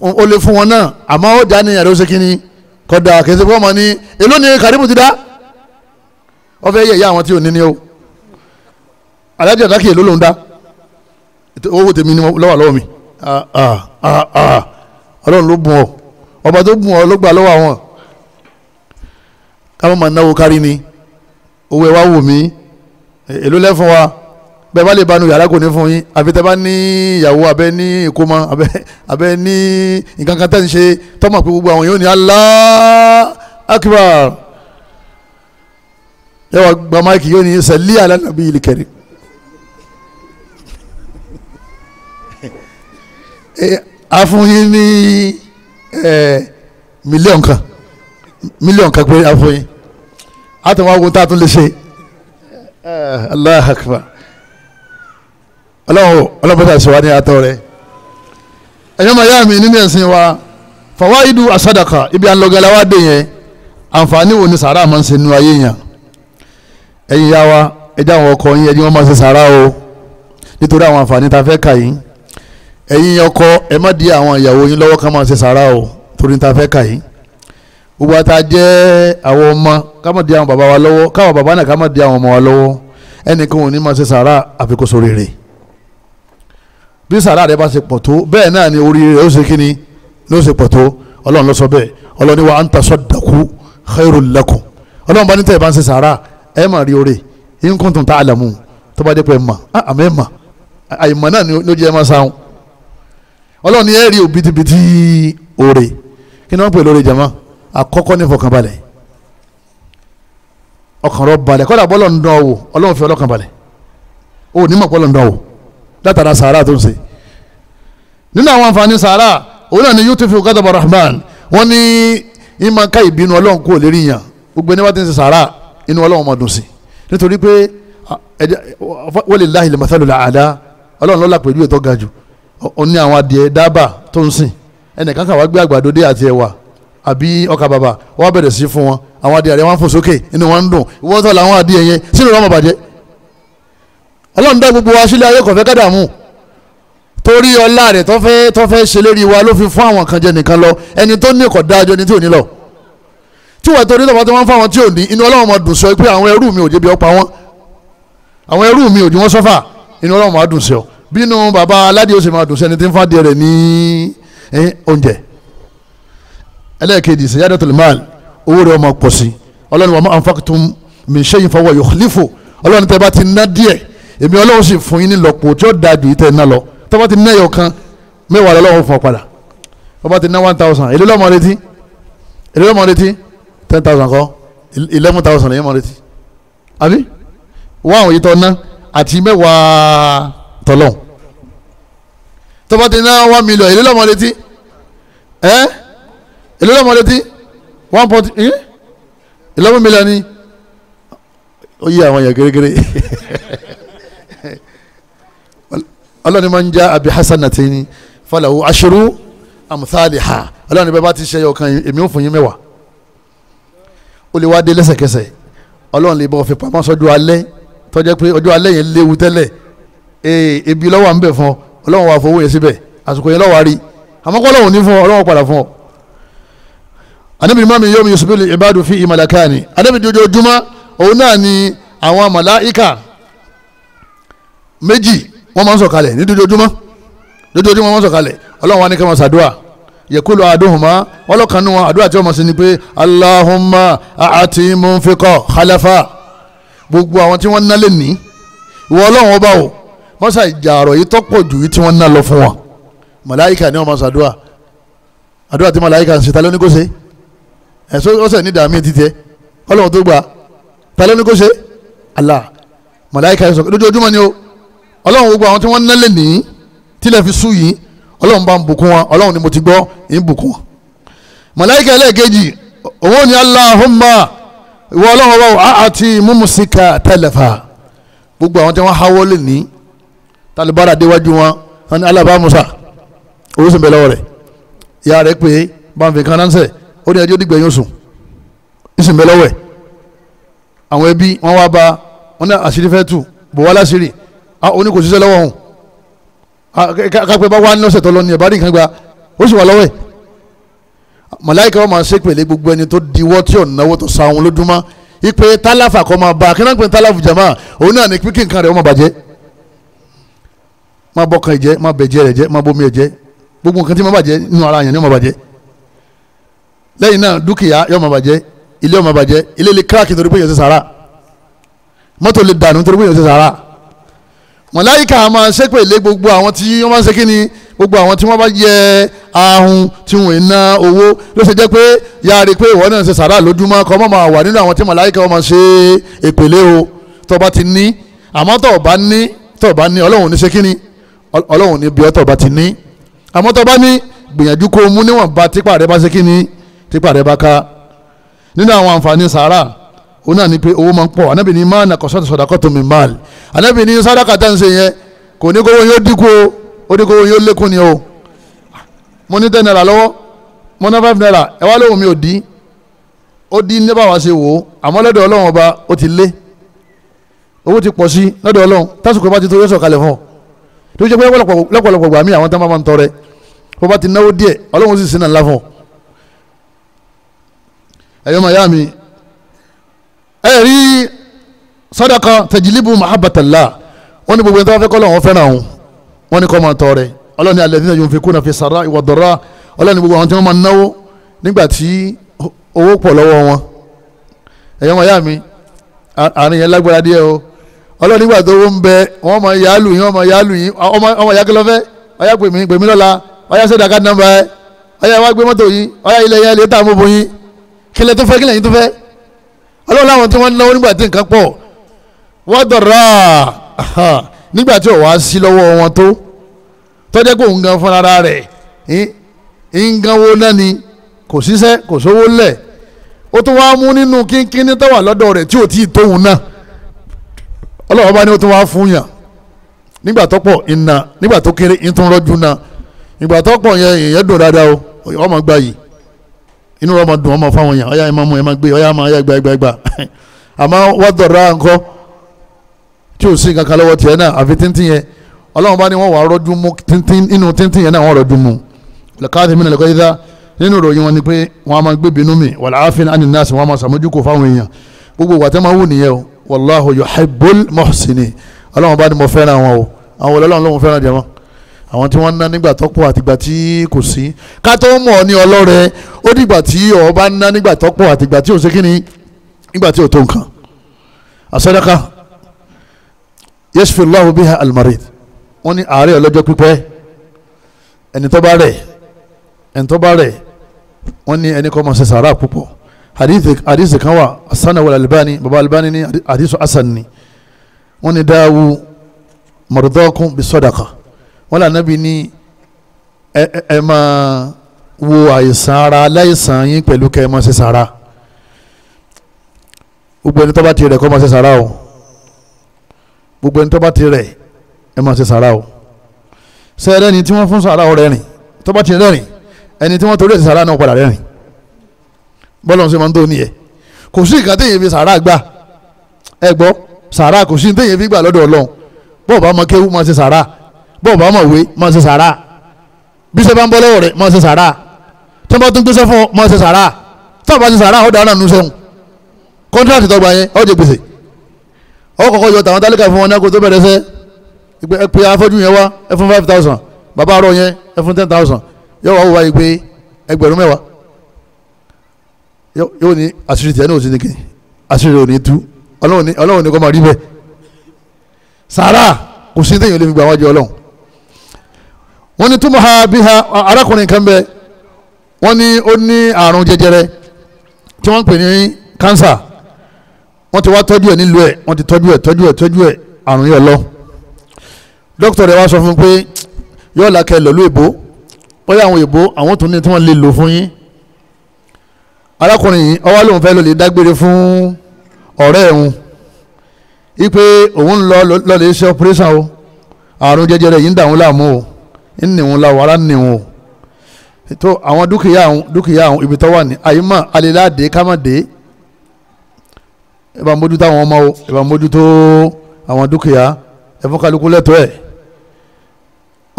o lè fún wọn náà àmọ́ ó já ẹ̀rọ ṣe kínní kódà kìí ọma fún ọmọ ní èló ni Karimu ti dá wọ́n fẹ́ yẹ ìyá àwọn tí ò ní ní o alájọ àtàkì èló ló ń dá owó tèmi ni lọwọ mi ọlọ́run ló bùn ọ ọba tó bùn ọ ló gbà lọ́wọ́ àwọn káwọn máa náwó kárí ni owó ẹ wá wò mí bẹ́ẹ̀ bá lè banu yàrá kò ní fún yín àfi tẹ́ bá ní ìyàwó abẹ́ ní ìkómọ abẹ́ ní nǹkan kan tẹ́ ń ṣe tọ́mọ̀ pé gbogbo àwọn yóò ní Allah akbar ẹ wà gba máìkì yóò ní sẹ́lí alánàbí ìlìkẹ̀rì afunyin ní mílíọ̀nù kan mílíọ̀nù kan pé afunyin àtàwọn awogun tá a tún lè ṣe Allah akbar ọlọ́wọ́ ọlọ́bọ̀tà ṣe wá ní atọ́ rẹ ẹ̀yọ́ máa yá mi nínú ẹ̀sìn wa fawaidu asadaka ibi alọ́gẹ́lá wa dé yẹn àǹfààní wo ni sàrà máa ń ṣe nínú ayé yẹn ẹ̀yin yá wa ẹjẹ́ àwọn ọkọ yín ẹ̀yin wọ́n máa ṣe sàrà o nítorí àwọn àǹfààní ta fẹ́ kà yín ẹ̀yin ọkọ ẹ má di àwọn ìyàwó yín lọ́wọ́ ká máa ṣe sàrà o torí ta fẹ́ kà yín gbogbo ata àwọn ọmọ ká má di àwọn bàbá wa lọ́wọ́ bí sàrà rẹ bá ṣe pọ̀ tó bẹ́ẹ̀ náà ni orí rẹ ó ṣe kíni ló ṣe pọ̀ tó ọlọ́run ló sọ bẹ́ẹ̀ ọlọ́run ní wa an tasaddaqu khairul lakum ọlọ́run bá ní tẹ̀ bá ń ṣe sàrà ẹ mà rí orí in kuntum ta'lamun tó bá dé pé mà ah, àmọ́ ẹ mà àyìnbọn náà ló jẹ́ ẹ má sáwọn ọlọ́run ní rí o bitibiti orí kí ni wọ́n pè lórí jama àkọ́kọ́ ní fọkànbalẹ̀ ọkàn rọ balẹ̀ kọ́dà látara sàárà tó ń ṣe nínú àwọn àǹfààní sàárà òun náà ni yutifu ghadab rahman wọ́n ní ìmọ̀ ká ìbínú ọlọ́run kú òlérí yàn gbogbo ẹni wá ti ń ṣe sàárà inú ọlọ́run máa dùn sí nítorí pé walillahil mathalul a'la ọlọ́run lọ́la pẹ̀lú ètò ga jù ó ní àwọn adìẹ dábà tó ń sìn ẹnìkan kà wá gbé àgbàdo dé àti ẹ̀wà àbí ọkà bàbà wọ́n bẹ̀rẹ̀ sí fún wọn àwọn adìẹ rẹ̀ wọ́n fò sókè inú wọn ń dùn ìwọ́n tọ́ làwọn adìẹ yẹn sínú ọmọ bàjẹ́ ọlọ́run dá gbogbo wa sílẹ̀ ayé kò fẹ́ kádàmú torí ọlá rẹ̀ tó fẹ́ tó fẹ́ ṣe lérí wa ló fi fún àwọn kan jẹ nìkan lọ ẹni tó ní kò dájọ́ ẹni tí ò ní lọ tí wọ́n torí lọ́wọ́ tí wọ́n ń fáwọn tí ò ní inú ọlọ́run máa dùn sọ pé àwọn ẹrú mi ò jẹ́ bí ọpa wọn àwọn ẹrú mi ò jẹ́ wọ́n sọ́fà inú ọlọ́run máa dùn sọ bínú bàbá aládé sì máa dùn sẹ́ni tí ń fa rẹ̀ ní oúnjẹ ẹlẹ́ẹ̀kejì ṣèyádẹ́ owó rẹ̀ ọmọ pọ̀ èmi ọlọ́run sì fún yín nílọ́pọ̀ tí ó da ju ìtẹ̀ náà lọ tó bá ti ná ẹyọ kan mẹ́wàá lọ́wọ́ fún ọ padà tó bá ti ná one thousand èlé lọ́mọ retí èlé lọ́mọ retí ten thousand kọ́ eleven thousand lẹ́yìn mọ́ retí àbí wọ́n àwọn yìí tọ́ ná àti mẹ́wàá tọ́lọ́ tó bá ti ná one million èlé lọ́mọ retí ẹ́ èlé lọ́mọ retí one point eleven million ni ó yí àwọn yẹn gẹ́gẹ́rẹ́. (laughs) ọlọ́ni máa ń já abi hasanatini falahu ashiru amthaliha ọlọ́ni bẹ́ẹ̀ bá ti ṣe ọkàn èmi ò fún yín mẹ́wàá ó lè wá dé lẹ́sẹ̀kẹsẹ̀ ọlọ́run lè bọ́ fi pamọ́ sọ́jú alẹ́ tọ́jẹ́ pé ọjọ́ alẹ́ yẹn léwu tẹ́lẹ̀ ee eh, ebi lọ́wọ́ à ń bẹ̀ fún ọ ọlọ́run wà fowó yẹn síbẹ̀ àsìkò yẹn lọ́wọ́ àrí àmọ́ kọ́ ní fún ọ ọlọ́run padà fún ọ. anabi mami yomi yusufu ibadu fi imalakani anabi dojoojúmọ́ òun náà ni àwọn màláíkà méjì wọ́n máa ń sọ̀kalẹ̀ ní dojoojúmọ́ dojoojúmọ́ wọ́n sọ̀kalẹ̀ ọlọ́run wa ní kẹ́wọ́n sàdúà yẹ̀kúlù àdúhùnmá ọlọ́kànnú wọn àdúrà tí wọ́n mọ̀ sí ni pé aláhùnmá àti mọ́nfẹ́kọ̀ khalafa gbogbo àwọn tí wọ́n ná lè ní ìwọ ọlọ́run ọba o wọ́n sà ìjà àrọ̀ yìí tọ́pọ̀ jù yìí tí wọ́n ná lọ fún wọn màláìkà ni wọ́n máa sàdúà àdúrà tí màláìkà ń ṣe ta lóní kó ṣe ẹ̀sọ́ ọ̀sẹ̀ ní dàmí ti tiẹ̀ tó gbà ta lóní kó ṣe Allah màláìkà yẹn sọ lójoojúmọ́ ni o ọlọ́run gbogbo àwọn tí wọ́n nálẹ̀ ní tílẹ̀ fi sú yìí ọlọ́run bá ń bùkún wọn ọlọ́run ni mo ti gbọ́ ń bùkún wọn. màláìkà ẹlẹ́ẹ̀kejì òun ni aláhùnmá ìwọ ọlọ́run wọ́n àti mímúsíkà tẹlẹfà gbogbo àwọn tí wọ́n háwọ́ lè ní talibara déwájú wọn wọn ni alábàámusa owó sì ń bẹ lọ́wọ́ rẹ̀ ìyá rẹ̀ pé bàǹfẹ̀ kan ránṣẹ́ ó ní ẹjọ́ dìgbẹ̀yìn oṣù ìsìn àwọn ẹbí wọn wá ba wọn ní àṣírí fẹ́ tù bò oní ah, kò ṣiṣẹ́ lọ́wọ́ òun ah, kápẹ́ bá wà ní ọ̀sẹ̀ tó lọ ní ẹ̀ bá rí nǹkan gba ó sì wà lọ́wọ́ ẹ̀ màláìka wọn máa ṣe pèlè gbogbo ẹni tó diwọ́ tí ọ̀nà náwó tó sàwọn lójúmọ́ ipe tálàfà kọ́ máa bá akínà pé tálàfù jàmá òun náà ní pínpín nǹkan rẹ̀ ó máa bàjẹ́ máa bọ́kan ẹ̀jẹ̀ máa bẹ̀jẹ̀ rẹ̀ jẹ́ máa bomi ẹ̀jẹ̀ gbogbo nǹkan tí máa bàjẹ́ nínú ara yẹn ni ó máa bàjẹ́ lẹ́yìn náà dúkìá yóò máa bàjẹ́ ilé ó máa bàjẹ́ ilé lè kíláàkì torí pé yẹn ti sàrà mọ́tò lè dànù torí pé yẹn ti sàrà mọ̀láyíkà máa ṣépè lé gbogbo àwọn tí wọ́n bá ń ṣe kí ni gbogbo àwọn tí wọ́n bá yẹ ahun tí wọ́n ná owó ló ṣe jẹ́ pé yáa rí i pé ìwọ náà ṣe sàrà lójúmọ́ kọ́ mọ́ máa wà nínú àwọn tí mọ̀láyíkà wọ́n máa ṣe èpèlé o tó bá ti ní àmọ́ tó bá ní tó bá ní ọlọ́run ní ṣe kí ni ọlọ́run ní bí ọ tó bá ti ní àmọ́ tó bá ní gbìyànjú kó o mú níwọ̀nba tipa rẹ bá ṣe kí ni tipa rẹ bá ká nínú àwọn àǹfààní sàrà òun náà ni pé owó máa ń pọ̀ anábì ní máa nà kọ́sọ́tù sọ̀dàkọ́ tó mi máa lè anábì ní sàdákà tá ń ṣe yẹn kò ní kówó yóò dínkù o ó ní kówó yóò lékún ni o mo ní ten naira lọ́wọ́ mo ná five naira ẹ wá lóhùn mi ò dín ó dín ní báwa ṣe wò ó àmọ́ lọ́dọ̀ ọlọ́run ọba ó ti lé owó ti pọ̀ sí lọ́dọ̀ ọlọ́run tásùkò bá ti tó yóò sọ̀kalẹ̀ fún ọ tó jẹ́ pé lọ́pọ̀lọpọ̀ gbà mí ẹ rí sadaka tajilibu mahabatala wọn ni gbogbo ẹni tó bá fẹ́ kọ́ lọ́wọ́ fẹ́ràn òun wọn ni kọ́ máa tọ́ rẹ ọlọ́ni alladhina yunfikuna fi sara wa dara ọlọ́ni gbogbo àwọn tí wọ́n máa náwó nígbà tí owó pọ̀ lọ́wọ́ wọn ẹ̀yọ́ wọn yá mi àárín yẹn lágbára díẹ̀ o ọlọ́ni nígbà tó ń bẹ wọ́n máa yá lù yín wọ́n máa yá lù yín ọmọ ìyá kẹlọ́ fẹ́ ọyá pèmí pèmí lọ́la ọyá sẹ́dàkà nàmbà ẹ ọyá wá gbé mọ́tò yín ọyá ilẹ̀ yẹn lè tà mọ́ bọ́ yín kílẹ̀ tó fẹ́ ọlọ́run láwọn tí wọ́n náwó nígbà tí nǹkan pọ̀ wọ́n dọ̀rọ̀ nígbà tí ò wá sí lọ́wọ́ wọn tó tọ́jẹ́ kó ń gan fúnra rẹ̀ ń gan wo náà ni kò síṣẹ́ kò sówó lẹ̀ ó tún wá mú nínú kínkínní tó wà lọ́dọ̀ rẹ̀ tí ò tí ì tóun náà ọlọ́run bá ní ó tún wá fún yàn nígbà tó pọ̀ ìnà nígbà tó kéré ìtúnrọ́jú náà ìgbà tó pọ̀ yẹn èèyàn dùn dáadáa o ọmọ gbà yìí inú rẹ̀ máa dùn ọmọ fáwọn èèyàn ọ̀yá ìmọ̀ ọmọ ẹ̀ máa gbé ọ̀yá máa yá gbàgbàgbà (laughs) àmọ́ wọ́n dọ̀rọ̀ àǹkọ́ tí ò sí nǹkan kan lọ́wọ́ tiẹ̀ náà àfi tíntín yẹn ọlọ́run bá ní wọ́n wà rọ́jú mú tíntín inú tíntín yẹn náà wọ́n rọ́jú mú lẹ́kàtí mi lẹ́kọ́ yíyá nínú ìròyìn wọn ni pé wọ́n á máa gbé bínú mi wàlá àfin àni nọ́ọ̀sì wọ́n á máa sàmójúkò fáwọn èèyàn gbogbo wàtí máa wù nìyẹn o wàláhù yuhibbul muhsinin ọlọ́run bá ní mo fẹ́ràn o àwọn ọlọ́run àwọn tí wọ́n ń ná nígbà tọ́pọ̀ àtìgbà tí kò sí ká tó mọ̀ ní ọlọ́rẹ ó dìgbà tí o bá ń ná nígbà tọ́pọ̀ àtìgbà tí ò ṣe kíni nígbà tí ò tó nǹkan àsọdọ́ka yashfillahu biha almarid wọ́n ní àárẹ̀ ọlọ́jọ́ pípẹ́ ẹni tó bá rẹ̀ ẹni tó bá rẹ̀ wọ́n ní ẹni kọ́ mọ̀ ṣe sàárà púpọ̀ hadith kan wà asana wal albani baba albani ni hadith asan ni wọ́n ní dáwù mardakum bisadaqah wọ́n lànà bí ní ẹ ẹ máa wo àìsàn ara aláìsàn yín pẹ̀lú kẹ́ ẹ máa ṣe sàrà gbogbo ẹni tó bá ti rẹ̀ kó máa ṣe sàrà o gbogbo ẹni tó bá ti rẹ̀ ẹ máa ṣe sàrà o ṣe ẹ lẹ́ni tí wọ́n fún sàrà ọ̀rẹ́ rìn tó bá ti rẹ̀ rìn ẹni tí wọ́n torí ẹ̀ sàrà náà padà rẹ̀ bọ́lá ọ̀hún ṣe máa ń tó nìyẹn kò sí nǹkan téèyàn fi sàrà gbà ẹ gbọ́ sàrà kò sí téèyàn fi gbà lọ́dọ̀ ọlọ́run bọ́ọ̀ bá mọ kéwú máa ṣe sàrà bó o bá mọ̀ wé máa ṣe sàrà bí sẹ́ bá ń bọ́ lọ́wọ́ rẹ̀ máa ṣe sàrà tí wọ́n bá tún gbéṣẹ́ fún ọ máa ṣe sàrà tí wọ́n bá ṣe sàrà ó dáná nu sẹ́hùn kọ́ńtíráàtì tó yẹn ó jẹ gbèsè ó kọ́kọ́ yọ tàwọn tálíkà fún wọn náà kó tó bẹ̀rẹ̀ sẹ́ ẹ pé afọ́jú yẹn wá ẹ fún five thousand bàbá yẹn ẹ fún ten thousand yóò wá pé ẹgbẹ̀rún mẹ́wàá yóò ní àṣírí tiẹ̀ wọ́n ní túmọ̀ ha bí ha arákùnrin kan bẹ wọ́n ní ó ní àrùn jẹjẹrẹ tí wọ́n ń pè ní kánsà wọ́n ti wá tọ́jú ẹ̀ nílùú ẹ̀ wọ́n ti tọ́jú ẹ̀ tọ́jú ẹ̀ tọ́jú ẹ̀ àrùn yẹn lọ dókítà rẹ̀ wá sọ fún un pé yóò làkẹ́ lọ́lú èbó bóyá àwọn èbó àwọn tó ní tí wọ́n lè lò fún yín arákùnrin yìí ọwọ́ lòun fẹ́ lò lè dágbére fún ọ̀rẹ́ òun ipe òun ń lọ lọ́lẹ̀ ṣe operation o àrùn jẹjẹrẹ yìí ń dà wọ́n láàmú o. ńnìhun la wàrà ńnìhun o tó àwọn dúkìá àwọn dúkìá àwọn ibi tó wà ní àyímọ̀ alẹ́láàdé kámọ̀dé ẹ bá mójútó àwọn ọmọ o ẹ bá mójútó àwọn dúkìá ẹ fún kálukú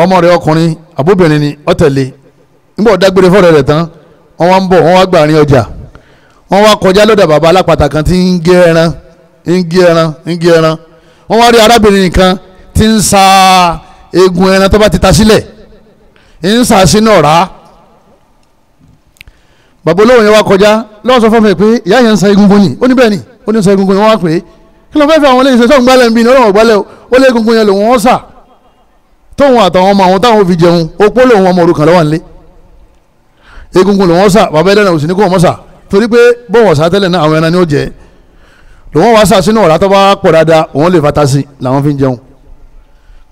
ọmọ rẹ ọkùnrin àbóbìnrin ni ó tẹ̀lé nígbà ó dágbére fọ́ọ̀rẹ́ rẹ̀ tán wọ́n wá ń bọ̀ wọ́n wá gbà rin ọjà wọ́n wá kọjá lọ́dọ̀ bàbá alápàtà kan tí ń gé ẹran ń gé ẹran ń gé ẹran wọ́n wá rí arábìnrin kan ń eegun ẹran tó bá ti ta sílẹ̀ ń sàṣínà ọ̀rá bàbá olówó yẹn wá kọjá lọ́wọ́ sọ fún mi pé ìyá yẹn ń sa egungun ni ó ní bẹ́ẹ̀ ni ó ní sa egungun ni wọ́n wá pè é kí ló fẹ́ fẹ́ àwọn eléyìí sọ gbálẹ̀ ń bí ní ọlọ́wọ́ gbálẹ̀ ó lé egungun yẹn lòun wọ́n sà tóun àtàwọn ọmọ àwọn táwọn fi jẹun opó lòun ọmọ òrukàn lọ́wọ́ nílé egungun lòun sà bàbá ẹlẹ́nà òsì ní kò wọ́n sà torí pé bọ́wọ̀ sá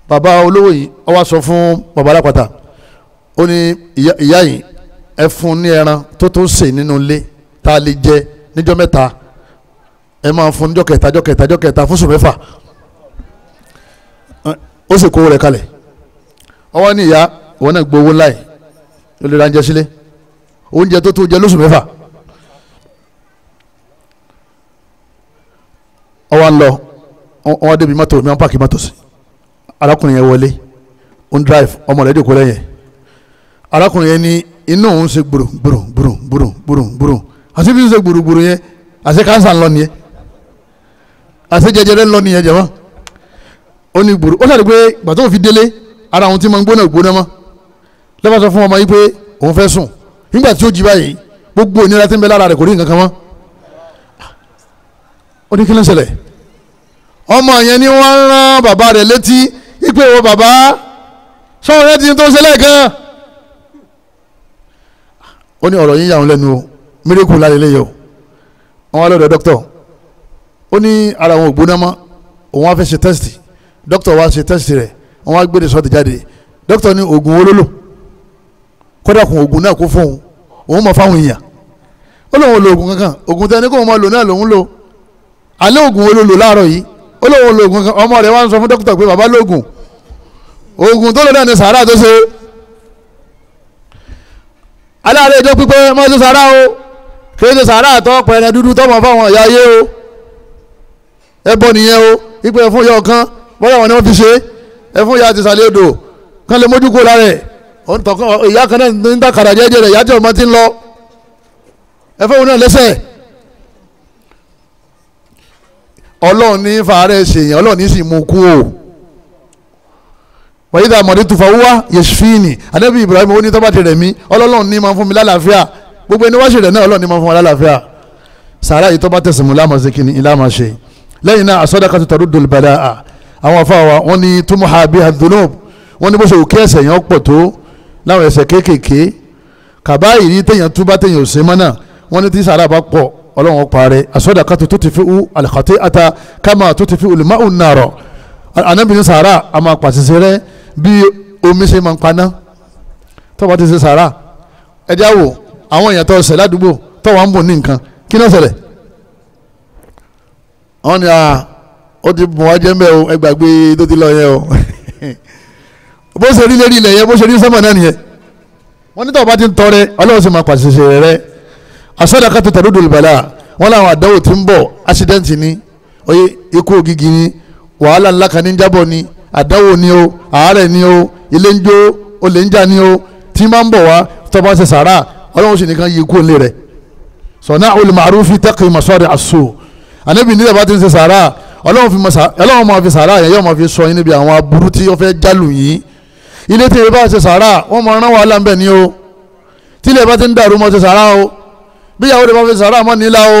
Baba olówó yìí ó wá sọ fún bàbá alápàtà ó ní ìyá yìí ẹ fún ní ẹran tó tó ń sè nínú ilé tá a lè jẹ níjọ́ mẹ́ta ẹ máa fún níjọ́ kẹta jọ́ kẹta jọ́ kẹta fún sùn mẹ́fà ó sì kó rẹ̀ kalẹ̀ ó wá ní ìyá ìwọ náà gbowó ńlá yìí ó lè ra oúnjẹ sílé oúnjẹ tó tó jẹ lóṣù mẹ́fà ó ń lọ ó débi mọ́tò mi wọ́n pààkì mọ́tò sí i. arákùnrin yẹn wọlé on drive ọmọ rẹ̀ jòkó lẹ́yìn arákùnrin yẹn ní inú òun ṣe gbòrò gbòrò gbòrò gbòrò gbòrò gbòrò àti bí ó ṣe gbòrò gbòrò yẹn àti kánsà ńlọ nìyẹn àti jẹjẹrẹ ńlọ nìyẹn ó ní ó ṣàdé pé gbàtọ́ òfin délé ara òun ti máa ń gbogbo ìnira ń bẹ lára kò rí ọmọ yẹn ni wọ́n rán bàbá ìpè wo bàbá sọ̀rọ̀ yẹn ti tó ṣe lẹ́ẹ̀kan ó ní ọ̀rọ̀ yín yà wọ́n lẹ́nu o mírèkù lálẹ́ lẹ́yẹ o wọ́n wá lọ́dọ̀ dókítà ó ní ara wọn ò gbóná mọ́ òun wá fẹ́ ṣe tẹ́sítì dókítà wá ṣe tẹ́sítì rẹ̀ wọ́n wá gbé resọ́ọ̀tì jáde dókítà ní oògùn olólò kódà kun oògùn náà kó fóun òun mọ̀ fáwọn èèyàn ó lóun lo oògùn kankan oògùn tẹ́ni kóun máa lò náà lòun lò alẹ́ oògùn olólò láàárọ̀ yìí ó lóun lo oògùn kankan ọmọ oògùn tó lò náà ni sàárà tó ṣe aláàárẹ̀ ìjọ pípẹ́ mọ́ ṣe sàárà o kí ṣe sàárà tó pẹ̀lẹ́ dúdú tọmọ fáwọn ìyá ayé o ẹbọ nìyẹn o ìpè fún yọ kan bọ́lá wọn ni wọ́n fi ṣe ẹ fún yà àtìsàlẹ̀ odò kán lè mójú kó lára ẹ̀ ìyá kan náà ní dàkàrà jẹ́jẹ́ rẹ̀ yájọ́ ọmọ ti ń lọ ẹ fẹ́ wọn náà lẹ́sẹ̀ ọlọ́run ní fàárẹ̀ ṣèyàn ọlọ́run ní sì mú kú o wàyí dà mọ̀dé tufa wá yẹsùfínì anabi ibrahim ó ní tọ́ba ti rẹ̀ mí ọlọ́run ní ma fún mi lálàáfíà gbogbo ẹni wá ṣe rẹ̀ náà ọlọ́run ní ma fún wa lálàáfíà sàrà yìí tọ́ba tẹ̀sìn mu ṣe kìíní ìlàmà ṣe lẹ́yìn náà àsọdaka tó tàdó dolùbàdà à àwọn afa wa wọ́n ní túmọ̀ bí adolob wọ́n ní bó ṣe òkè ẹ̀ṣẹ̀ yẹn pọ̀ tó láwọn ẹ̀ṣẹ̀ kéékèèké bí omi ṣe máa ń paná tọ́wọ́ ti ṣe sàrà ẹ̀dá wò àwọn èèyàn tó ṣẹ̀ ládùúgbò tọ́wọ́ ń bò ní nǹkan kí náà ṣẹlẹ̀ àwọn ni ó ti bùn wá jẹ́ mbẹ́ o ẹ gbàgbé tó ti lọ yẹn o (laughs) bó ṣe rí lérí ilẹ̀ yẹn bó ṣe rí sọ́mọ̀ náà nìyẹn wọ́n ní tọ́wọ́ bá ti ń tọrẹ ọlọ́run sì máa pàṣẹ ṣe rẹ àṣàdàkà tó tàdúdò ìbàlà wọn làwọn àdánwò ti ń bọ̀ accident ni oye ikú ògìgì ni wàhálà ńlá kan ní jábọ̀ ni àdáwò ni o àárẹ̀ ni o ilé ń jó olè ń jà ni o tí máa ń bọ̀ wá tọ́ba ṣe sàrà ọlọ́run sì nìkan yí kú ilé rẹ̀ sọ̀nà olùmọ̀ọ́rù fi tẹ́kì mọ̀sọ́rẹ̀ àṣù ànábì nílẹ̀ bá ti ń ṣe sàrà ọlọ́run máa fi sàrà yẹn yóò máa fi sọ yín níbi àwọn aburú tí wọ́n fẹ́ jálù yín ilé tí ìbá ṣe sàrà wọ́n máa rán wàhálà ńbẹ̀ ni o tí ilé ìbá ti ń dàrú mọ́ ṣe sàrà o bí ìyàwó bá fi sàrà mọ́ nílá o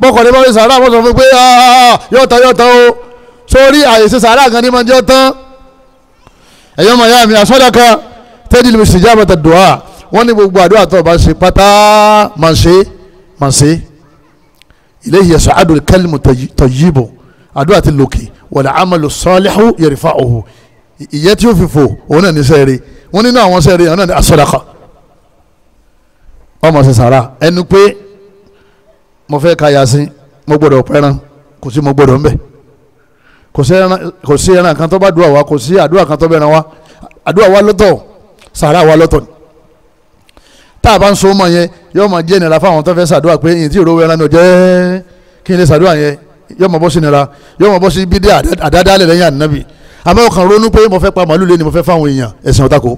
bọ́kọ̀ rẹ̀ bá fi sàrà mọ́ sọ fún pé yọ̀ọ̀ta yọ̀ọ̀ta o sórí àyèsí sàrà kan ní ma jẹ́ tán ẹ̀yọ́ mọ̀ ya mi àsọ́dọ̀kọ tẹ́lẹ̀ mi sì jábọ̀ tẹ̀ dùn á wọ́n ní gbogbo àdúrà tó o bá ṣe pátá màá ṣe màá ṣe ilé ìyẹ̀sọ̀ àdùn kẹ́lìmù tọ̀yìbò àdúrà ti lòkè wọ̀lá amalu sọ́ọ́lẹ́hù yẹ̀rìfà òhù ìyẹ́ tí ó fi fò òun náà ní sẹ́ẹ̀rì wọ́n nínú àwọn sẹ́ẹ̀rì àwọn náà ní àsọ́dọ̀kọ ọmọ ṣe sàrà ẹnu pé mo fẹ́ ka yasin mo gbọ́dọ̀ pẹ́ràn kò sí mo gbọ́dọ̀ ń kò sí ẹran kan tó bá dùn àwa kò sí àdúrà kan tó bẹ̀rẹ̀ wa àdúrà wa lọ́tọ̀ sàrà wa lọ́tọ̀ ni tá a bá ń so mọ̀ yẹn yóò máa jẹ́ ìnira fáwọn tó fẹ́ sàdúrà pé ìyìn tí ìró ẹran náà jẹ́ kí n lè sàdúrà yẹn yóò máa bọ́ sí ìnira yóò máa bọ́ sí bídé àdádálẹ̀ lẹ́yìn ànábì àmọ́ ọkàn ronú pé mo fẹ́ pa màálù lé ni mo fẹ́ fáwọn èèyàn ẹ̀sìn ọ̀tako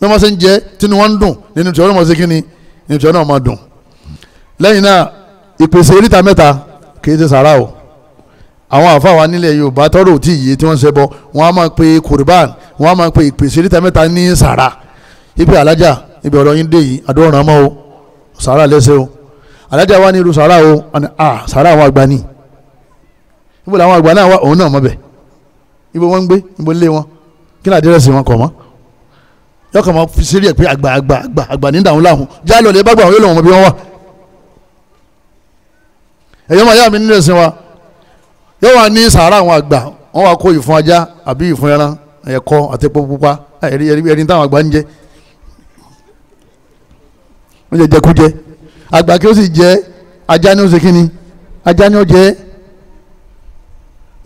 bí wọ́n ṣe ń jẹ́ tínú wọn ń dùn nínú ìtọ́ náà mọ̀ àwọn àfáwà nílẹ̀ yorùbá tọrọ òtí yìí tí wọ́n ṣe bọ wọ́n á máa pe kurban wọ́n á máa pe ìpèsè níta mẹ́ta ní sàrà ibi alájà ibi ọ̀rọ̀ yín dé yìí àdóòrán mọ́ o sàrà lẹ́sẹ̀ o alájà wa ní irú sàrà o ah sàrà àwọn àgbà ni níbo làwọn àgbà náà wà òun náà mọ̀ bẹ̀ ibo wọ́n ń gbé ibo lé wọn kí ni àdírẹ́sì wọn kọ̀ mọ́ yọkàn máa fi sírí ẹ̀ pé àgbà àgbà àgbà àgbà ní ìdààmú láhùn jálọ̀ lè bá gbà wọn yóò wá ní sàárà àwọn àgbà wọn wá kó ìfun ajá àbí ìfun ẹran ẹ̀kọ àti epo pupa ah, ẹ̀rí ẹ̀rí ẹ̀rí táwọn àgbà ń jẹ wọ́n jẹ jẹkújẹ àgbà kí ó sì jẹ ajá ni ó ṣe kíni ajá ni ó jẹ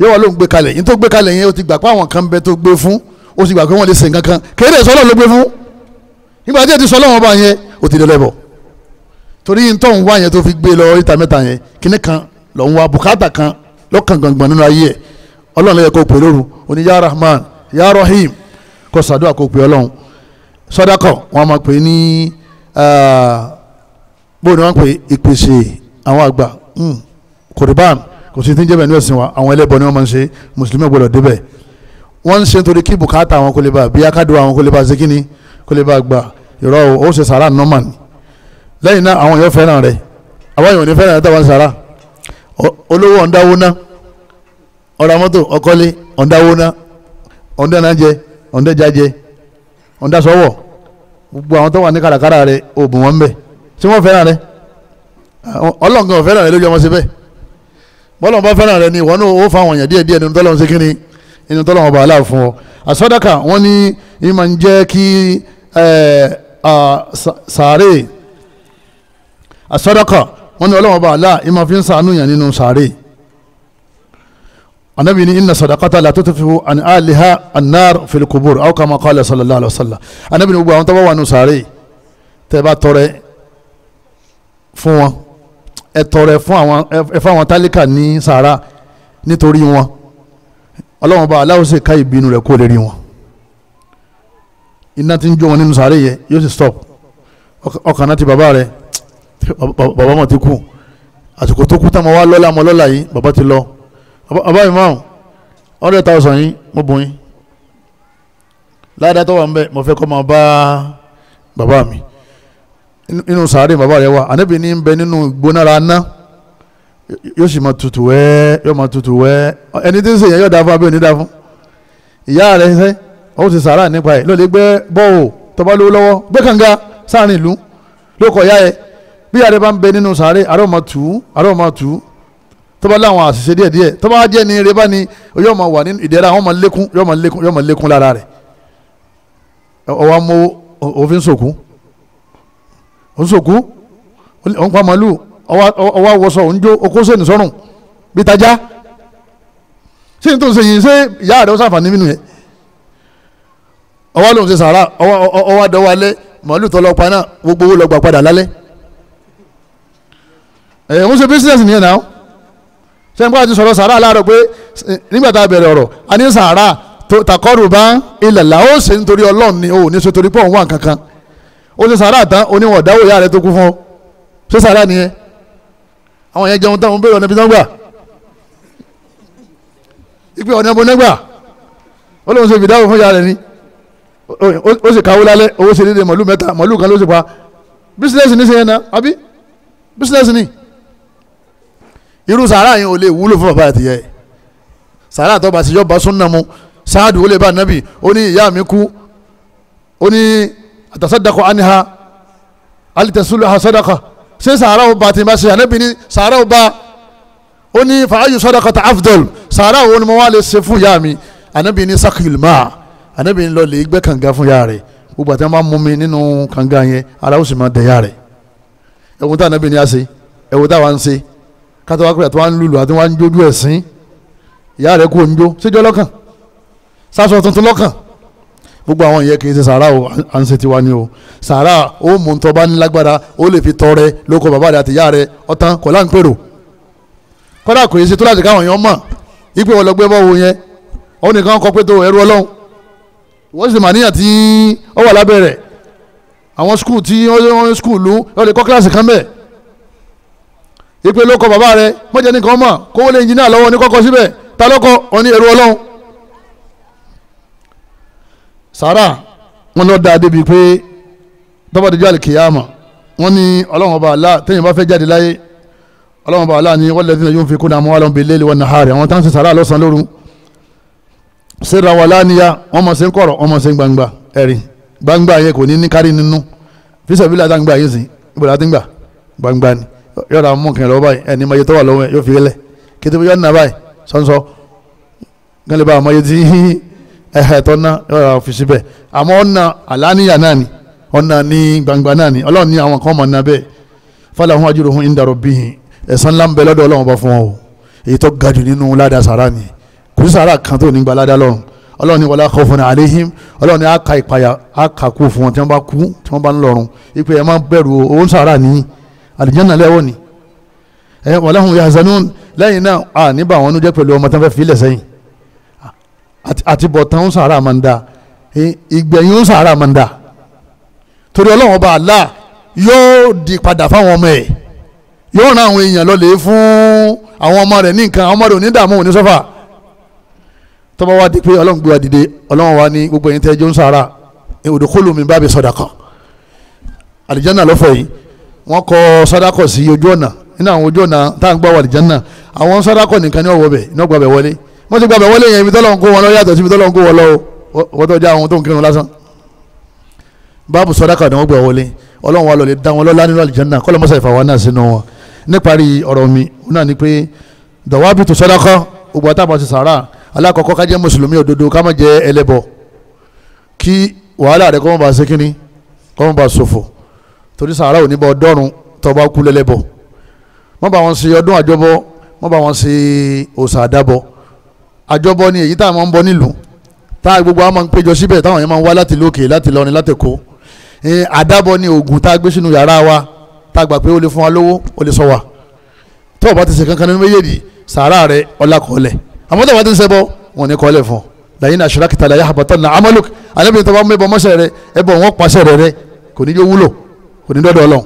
yóò wá ló ń gbé kalẹ̀ yín tó gbé kalẹ̀ yín ó ti gbà pé àwọn kan bẹ tó gbé fún ó sì gbà pé wọ́n lè ṣe nǹkan kéde sọ́lọ́ ló gbé fún nígbà tí ẹ ti sọ lọ́wọ́ bá yẹn ó ti dẹ́lẹ́bọ̀ torí yín tó ń wá yẹn tó fi gbé lọ ìta mẹ́ta yẹn kíní kan lọ́ ń wá bùkátà kan lọ́kàn gbangban nínú ayé ẹ̀ ọlọ́run ló yẹ kó pè lóru oní ya rahman ya rahim kó sàdúrà kó pè ọlọ́run sọ́dákọ̀ wọ́n máa pè ní bó ni wọ́n pè ìpèsè àwọn àgbà hmm. kòrìbán kò sí ti ń jẹ́ bẹ́ẹ̀ ní ẹ̀sìn wa àwọn ẹlẹ́bọ ni wọ́n máa ń ṣe mùsùlùmí gbọ́dọ̀ débẹ̀ wọ́n ń ṣe nítorí kí bùkátà àwọn kò lè bá bí akádùn àwọn kò lè bá zikini kò lè bá gbà ìrọ̀ ó ṣe sàrà nọ́mà lẹ́yìn náà àwọn èèyàn fẹ́ràn rẹ̀ àwọn èèyàn ní fẹ́ràn rẹ̀ táwọn sàrà olówó ọ̀ndáwó ná ọ̀rọ̀ mọ́tò ọkọ́lé ọ̀ndáwó ná ọ̀ndẹ́nàjẹ ọ̀ndẹ́jàjẹ ọ̀ndásọ́wọ̀ gbogbo àwọn tó wà ní kàràkàrà rẹ òògùn wọn bẹ tí wọ́n fẹ́ràn rẹ ọlọ́ngàn fẹ́ràn rẹ lójú ọmọ síbẹ̀ bọ́lọ̀ bá fẹ́ràn rẹ ni ìwọ náà ó fa àwọn èèyàn díẹ̀ díẹ̀ nínú tọ́lọ́run sí kínní nínú tọ́lọ́run ọba aláà fún ọ àsọdọ́kà wọ́n ní í máa ń jẹ́ kí sàárè àsọdọ́kà wọ́n ní ọlọ́wọ́n bá aláà ìmọ̀ fi ń sànú yàn nínú sàárè anabi ni inna sadaqata la tutfi'u an aliha annar fil qubur aw kama qala sallallahu alaihi wasallam anabi ni gbogbo àwọn tó bá wà nínú sàárè tẹ́ bá tọrẹ fún wọn ẹ tọrẹ fún àwọn ẹ fún àwọn tálíkà ní sàárà nítorí wọn ọlọ́wọ́n bá aláwọ̀ sì ká ìbínú rẹ̀ kó lè rí wọn iná ti ń jó wọn nínú sàárè yẹ yóò sì stop ọkàn náà ti bàbá rẹ̀ Baba mọ̀ ti kú àsìkò tó kú táwọn wá lọ́la mọ́ lọ́la yìí bàbá ti lọ bàbá mi máa hundred thousand yìí mo bùn yín ládàá tó wà ń bẹ mo fẹ́ kọ́ máa bá bàbá mi nínú sàárè baba rẹ wà ànábì ní ń bẹ nínú ìgbónára ná yóò sì máa tutù wẹ́ẹ́ yóò máa tutù wẹ́ẹ́ ẹni tí ń sèyàn yóò dá fún abẹ́ òní dá fún ìyá rẹ ṣe ó ti sàárà nípa ẹ̀ lọ́ọ́ bọ́ọ̀ tó lówó lọ́wọ́ gbẹ́ kànga sáàrin ìlú ló kọ̀ ya bí àrẹ bá ń bẹ nínú sàárè àrẹ ọmọ tù ú àrẹ ọmọ tù ú tọ́ba láwọn àṣìṣe díẹ̀ díẹ̀ tọ́ba díẹ̀ ní eré bá ní yóò máa wà nínú ìdẹ́ra àwọn ọmọ lékún yóò máa lékún yóò máa lékún lára rẹ̀ ọwọ́ amó òfin sòkú òǹsòkú òun pa màálù ọwọ́ awọ́sọ òǹjó okóṣe nìsọ́rùn bí tajá sí ní tó ń ṣe yìí ṣé ìyá rẹ̀ ó sàǹfààní nínú yẹn ọwọ́ lòun ṣe sàrà ọwọ́ àdọ́wọ́ alẹ́ màálù tọ́lọ́pàá náà gbogbo owó lọ́gbà padà lálẹ́ ẹ̀ ń ṣe business nìyẹn náà ṣé n bá ti sọ̀rọ̀ sàrà láàárọ̀ pé nígbà tá a bẹ̀rẹ̀ ọ̀rọ̀ a ní sàrà takọ́rù bá ilẹ̀ là ó ṣe nítorí ọlọ́run ni ò ní ṣe torí pé òun wà kankan ó ṣe sàrà tán oníwọ̀n dáwọ́ ìyá rẹ tó kú fún ọ ṣé sàrà nìyẹn àwọn yẹn jẹun táwọn béèrè ọ̀nà ibi tán gbà ipe ọ̀nà ibo nígbà ó lóun ṣe ìdáwọ́ fún ìyá rẹ ni ó sì káwó lálẹ́ owó ṣe déédéé mọ̀lú mẹ́ta mọ̀lú kan ló sì pa bísíǹnẹ́sì ní sẹ́yìn náà àbí bísíǹnẹ́sì ní irú sàárà yẹn ò lè wúlò fún bàbá àtìyẹ sàárà tó bá ti yọ bá súnà mu sáàdù ó lè bá nábì ó ní ìyá mi kú ó ní àtàsádàkọ àníhà alìtẹ̀sùlù àsádàkọ ṣé sàárà ó bá ti bá ṣe ànábì ní sàárà ó bá ó ní fàáyù sọdọkọ tá afdol sàárà ó ní mo wá lè ṣe fún ìyá mi ànábì ni sakilma ànábì ni lọ lè gbẹ́ kànga fún ìyá rẹ̀ gbogbo àti wọn bá mú mi nínú kànga yẹn ara ó sì máa dẹ̀yà rẹ̀ ẹ̀wọ̀n tá ànábì ní a ṣe ẹ̀wọ̀n tá wa ń ṣe kátó wá pé àti wá ń lùlù àti wá ń jójú ẹ̀sìn ìyá rẹ̀ kò ń jó síjọ́ lọ́kàn sásọ tuntun lọ́kàn gbogbo àwọn yẹn kì í ṣe sàrà o à ń ṣe tiwa ni o sàrà ó mú un tọ́ba nílágbára ó lè fi tọrẹ lóko bàbá rẹ àti ìyá rẹ ọ̀tán kò láǹpẹ̀rò kọ́dà kò yẹ ṣe tó láti káwọn yẹn mọ̀ ipe ọlọgbẹ́ bọ́ wo yẹn ó nìkan kọ pé tó ẹrú ọlọ́run wọ́n sì mà níyàn tí ó wà lábẹ́ rẹ̀ àwọn skul tí wọ́n skul lù ó lè kọ́ kíláàsì kan bẹ́ẹ̀ ipe ló kọ bàbá rẹ mọ̀jẹ̀ nìkan mọ̀ kówó lé ìjìnlẹ̀ lọ́wọ́ ní kọ́kọ́ síbẹ̀ ta lọ́kọ́ wọn ní ẹ̀rù ọlọ́run. sàrà wọn lọ da débi pé tọ́ba dèjọ́ àlìkìyàmà wọn ní ọlọ́run ọba àlá téèyàn bá fẹ́ jáde láyé ọlọ́run ọba àlá ni wọ́n lẹ́sìn náà yóò fi kún àmọ́ àlọ́run bèlè wọn nàárẹ̀ àwọn táwọn ṣe sàrà lọ́sàn-án lóru síra wà láníyà wọn mọ̀ yọ̀dà mú kìnìún lọ́wọ́ báyìí ẹni mọ̀yẹ tó wà lọ́wọ́ yóò fi lẹ̀ kìtìbí yọ̀ nà báyìí sọ́nsọ́ gánlẹ̀ bá mọ̀yẹ tí (laughs) ẹ̀hẹ̀ tó ná yọ̀dà fi síbẹ̀ àmọ́ ọ̀nà àlàníyà náà ni ọ̀nà ní gbangba náà ni ọlọ́run ní àwọn kan mọ̀ ná bẹ́ẹ̀ falahum ajruhum inda rabbihim ẹ̀san ńlá ń bẹ lọ́dọ̀ ọlọ́run bá fún wọn o èyí tó ga jù nínú ládàá sàrà ni kò sí sàrà kan tó ní gba ládàá lọ́run ọlọ́run ní wala khawfun alaihim ọlọ́run ní àka ìpayà àka kú fún wọn tí wọ́n bá kú tí wọ́n bá ń lọ́run ìpè ẹ̀ máa bẹ̀rù owó sàrà nìyí àlìjáná lẹ́wọ́ ni ẹ walahum yahzanun lẹ́yìn náà a níbà àwọn ọ̀nùjẹ́ pẹ̀lú ọmọ tán fẹ́ filẹ̀ sẹ́yìn àti bọ̀tán ń sàárà máa ń da ìgbẹ̀yìn ń sàárà máa ń da torí ọlọ́run ọba Allah yóò di padà fáwọn ọmọ ẹ̀ yóò rán àwọn èèyàn lọ́lẹ̀ fún àwọn ọmọ rẹ̀ ní nǹkan àwọn ọmọ rẹ̀ ò ní dààmú ò sọ́fà tọ́ba wa di pé ọlọ́run gbé wa dìde ọlọ́run wa ní gbogbo ẹ̀yin tẹ́jọ́ ń sàárà òdòkólùmí bá bi sọ̀dàkọ̀ àlìjáná lọ́fọ̀ yìí wọ́n kọ sadakọ sí ojú ọ̀nà nínú àwọn ojú ọ̀nà tá à ń gbọ́ wà lìjánná àwọn sadakọ nìkan ní ọ̀wọ́ bẹ̀ iná gba bẹ̀ wọlé wọ́n ti gba bẹ̀ wọlé yẹn ibi tọ́lọ́ ń kó wọn lọ yàtọ̀ sí ibi tọ́lọ́ ń kó wọn lọ o wọ́n tọ́jú àwọn tó ń kírun lásán báàbù sadakọ ni wọ́n gbà wọlé ọlọ́run wa lọ lè dá wọn lọ́lá nínú àlìjánná kọ́lọ́ mọ́sá ìfàwọn náà sínú wọn níparí ọ̀rọ̀ mi náà ni pé dọ̀wábì tó sadakọ ògbà tá a máa ti sàrà alákọ̀ọ́kọ́ torí sàárà òní bọ́ dọ́rùn tọba kú lẹ́lẹ́bọ̀ mọ́ bá wọn ṣe ọdún àjọbọ mọ́ bá wọn ṣe òòṣà àdàbọ àjọbọ ni èyí tá a máa ń bọ nílùú tá a gbogbo a máa ń péjọ síbẹ̀ táwọn yẹn máa ń wá láti lókè láti lọrin láti kó àdàbọ ni oògùn tá a gbé sínú yàrá wa tá a gbà pé ó lè fún wa lówó ó lè sọ wa tó o bá ti ṣe kankan nínú méjèèjì sàárà rẹ ọlá kọ́lẹ̀ àmọ́ tó o bá ti ń ṣẹbọ wọn ò ní fún ọ lẹ́yìn àṣírákìtà lẹ́yìn àbàtàn náà amaluk alẹ́ bí tó bá mú ẹbọ mọ́ṣẹ́ rẹ ẹbọ wọn pàṣẹ rẹ rẹ kò ní yóò wúlò kò ní dọ́dọ̀ ọlọ́run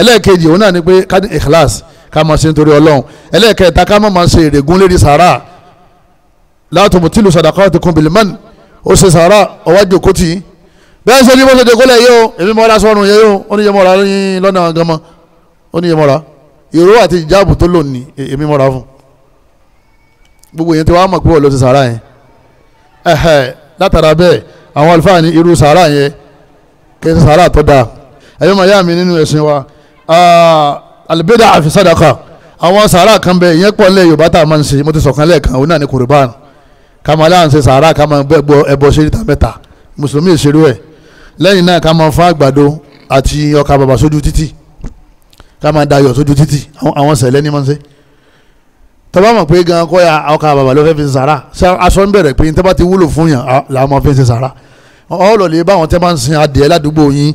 ẹlẹ́ẹ̀kejì òun náà ni pé ká ní ikhlas ká máa ṣe nítorí ọlọ́run ẹlẹ́ẹ̀kẹta ká má máa ṣe èrègùn lérí sàrà látòmù tìlù sadaqatukum bilman ó ṣe sàrà ọwájú kòtì bẹ́ẹ̀ ṣe ní mọ́tò dẹ́kọ́lẹ̀ yìí o èmi mọ́ ra sọ́run yẹn o ó ní yẹ mọ́ra lọ́nà gánmọ́ ó ní yẹ mọ́ra ìró àti ìjáàbù tó lónìí e-, èmi mọ́ra fún gbogbo yẹn tí wàá mọ̀ pé ọ̀ ló yẹn látara bẹ́ẹ̀ àwọn àlùfáà ní irú sàrà yẹn kì í ṣe tó dáa ẹ̀yọ́ màá yá mi nínú ẹ̀sìn wa alibeda àfisadaka àwọn sàárà kan bẹ ìyẹn pọ̀ lẹ́ yorùbá tá a máa ń ṣe mo ti sọ̀kan lẹ́ẹ̀kan òun náà ní kùrìbán ká máa láà ń ṣe sàárà ká máa gbẹ́bọ ẹbọ ṣe níta mẹ́ta mùsùlùmí ìṣerú ẹ̀ lẹ́yìn náà ká máa fá àgbàdo àti ọkà bàbà sójú títì ká máa dayọ̀ sójú títì àwọn sẹ̀lẹ̀ ní máa ń ṣe tọ́ba mọ̀ pé gan kọ́ ya ọkà bàbà ló fẹ́ fi sàrà aṣọ ń bẹ̀rẹ̀ pé tẹ́bá ti wúlò fún yàn làwọn máa fi ṣe sàrà ọlọ́ọ̀lẹ́ báwọn tẹ́ máa ń sin adìẹ ládùúgbò yín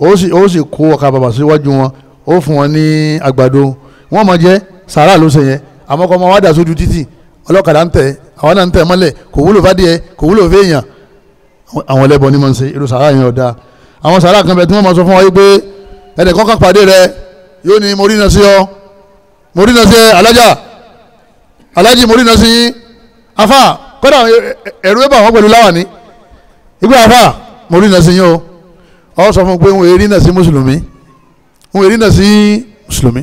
ó sì ó sì kó ọkà bàbà síwájú wọn ó fún wọn ní àgbàdo wọn máa jẹ sàrà ló ṣe yẹn àmọ́ kọ́ ọmọ wa dà sójú títì ọlọ́kadà ń tẹ̀ àwọn náà ń tẹ̀ mọ́lẹ̀ kò wúlò fádìẹ kò wúlò fèèyàn àwọn ẹlẹ́bọ ni mo ń ṣe irú sàrà yẹn ọ̀dà àwọn sàrà kan bẹ tí wọ́n máa sọ fún wa yìí pé ẹnì kọ́kàn pàdé rẹ yóò ní mo rí iná sí ọ mo rí iná sí alájà alájì mo rí iná sí afa kọ́dà ẹ̀rú ẹ̀ bà wọ́n pẹ̀lú láwàní ìgbà afa mo rí iná sí yín o ọ sọ fún pé wọn èrí náà sí mùsùlùmí wọn èrí náà sí mùsùlùmí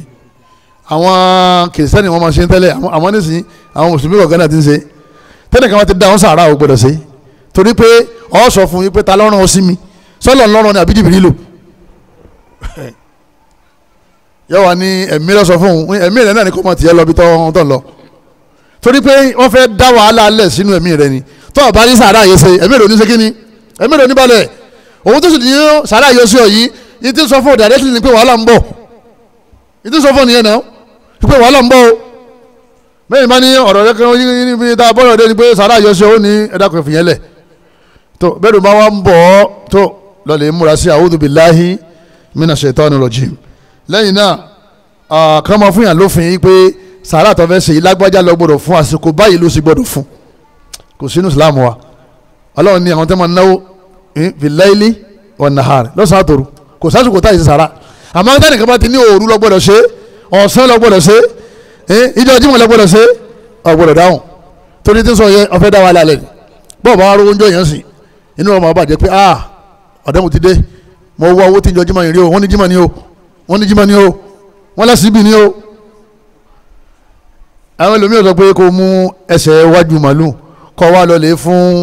àwọn kìrìsìtẹ́nì wọn máa ṣe ń tẹ́lẹ̀ àwọn nísìnyí àwọn mùsùlùmí kọ̀ọ̀kan náà ti ń ṣe tẹ́lẹ̀ kan wá ti dá wọn sàárà ò gbọ́dọ̀ ṣe torí pé ọ sọ fún yín pé ta lọ́rùn ó sí mi sọ́lọ̀ ńlọ́rùn ni àbí jìbìrì lò (laughs) yẹ wà ní ẹ̀mí lọ́sọ fún un ẹ̀mí rẹ̀ náà ni kò mọ̀ tiẹ̀ lọ bí tọ́ lọ torí pé wọ́n fẹ́ dá wàhálà alẹ̀ sínú ẹ̀mí rẹ̀ ni tọ́ọ̀ bá ní sàárà yẹ òun tó sì ní sàrà yosua yìí ní tí ń sọ fún ọ̀dà rẹ́sì ni pé wàhálà ń bọ̀ ní tí ń sọ fún nìyẹn náà pé wàhálà ń bọ̀ o mẹ́rin bá ní ọ̀rọ̀ rẹ kan yín níbi tá a bọ́rọ̀ dé ni pé sàrà yosua ó ní ẹ̀dá kan fìyẹn lẹ̀ tó bẹ́ẹ̀rù bá wa ń bọ̀ ọ́ tó lọ́lẹ̀ múra sí a'udhu billahi minash shaitani rajim lẹ́yìn náà kàn máa fún yàn lófin yìí pé sàrà tó fẹ́ ṣe yìí lágbájá lọ gbọdọ̀ fún àsìkò báyìí ló sì gbọdọ̀ fún kò sínú ìsìlámù wa ọlọ́run ní àwọn tẹ́ máa náwó Eh, filayili ọ̀nàhàrì lọ́sàn-án àtòrò kò sásìkò táyì sàrà àmọ́ táyì kan bá ti ní òru lọ gbọ́dọ̀ ṣe ọ̀sán lọ gbọ́dọ̀ ṣe ìjọ eh, jímọ̀ lọ gbọ́dọ̀ ṣe ó gbọ́dọ̀ dáhùn torí tí ń sọ yẹ ọ̀fẹ́ dá wa lálẹ́ ni bọ́ọ̀ bá wá rówó oúnjẹ yẹn sìn inú ọmọ bàjẹ́ pé ah ọ̀dẹ́mu ti dé mo wá owó tí ìjọ jímọ̀ yìí rí o wọ́n ní jímọ̀ ni o wọ́n ní jímọ̀ ni o wọ́n lásìbì ni o àwọn ẹlòmíràn sọ pé kò mú ẹsẹ̀ wájú màlúù kọ́ wa lọ lè fún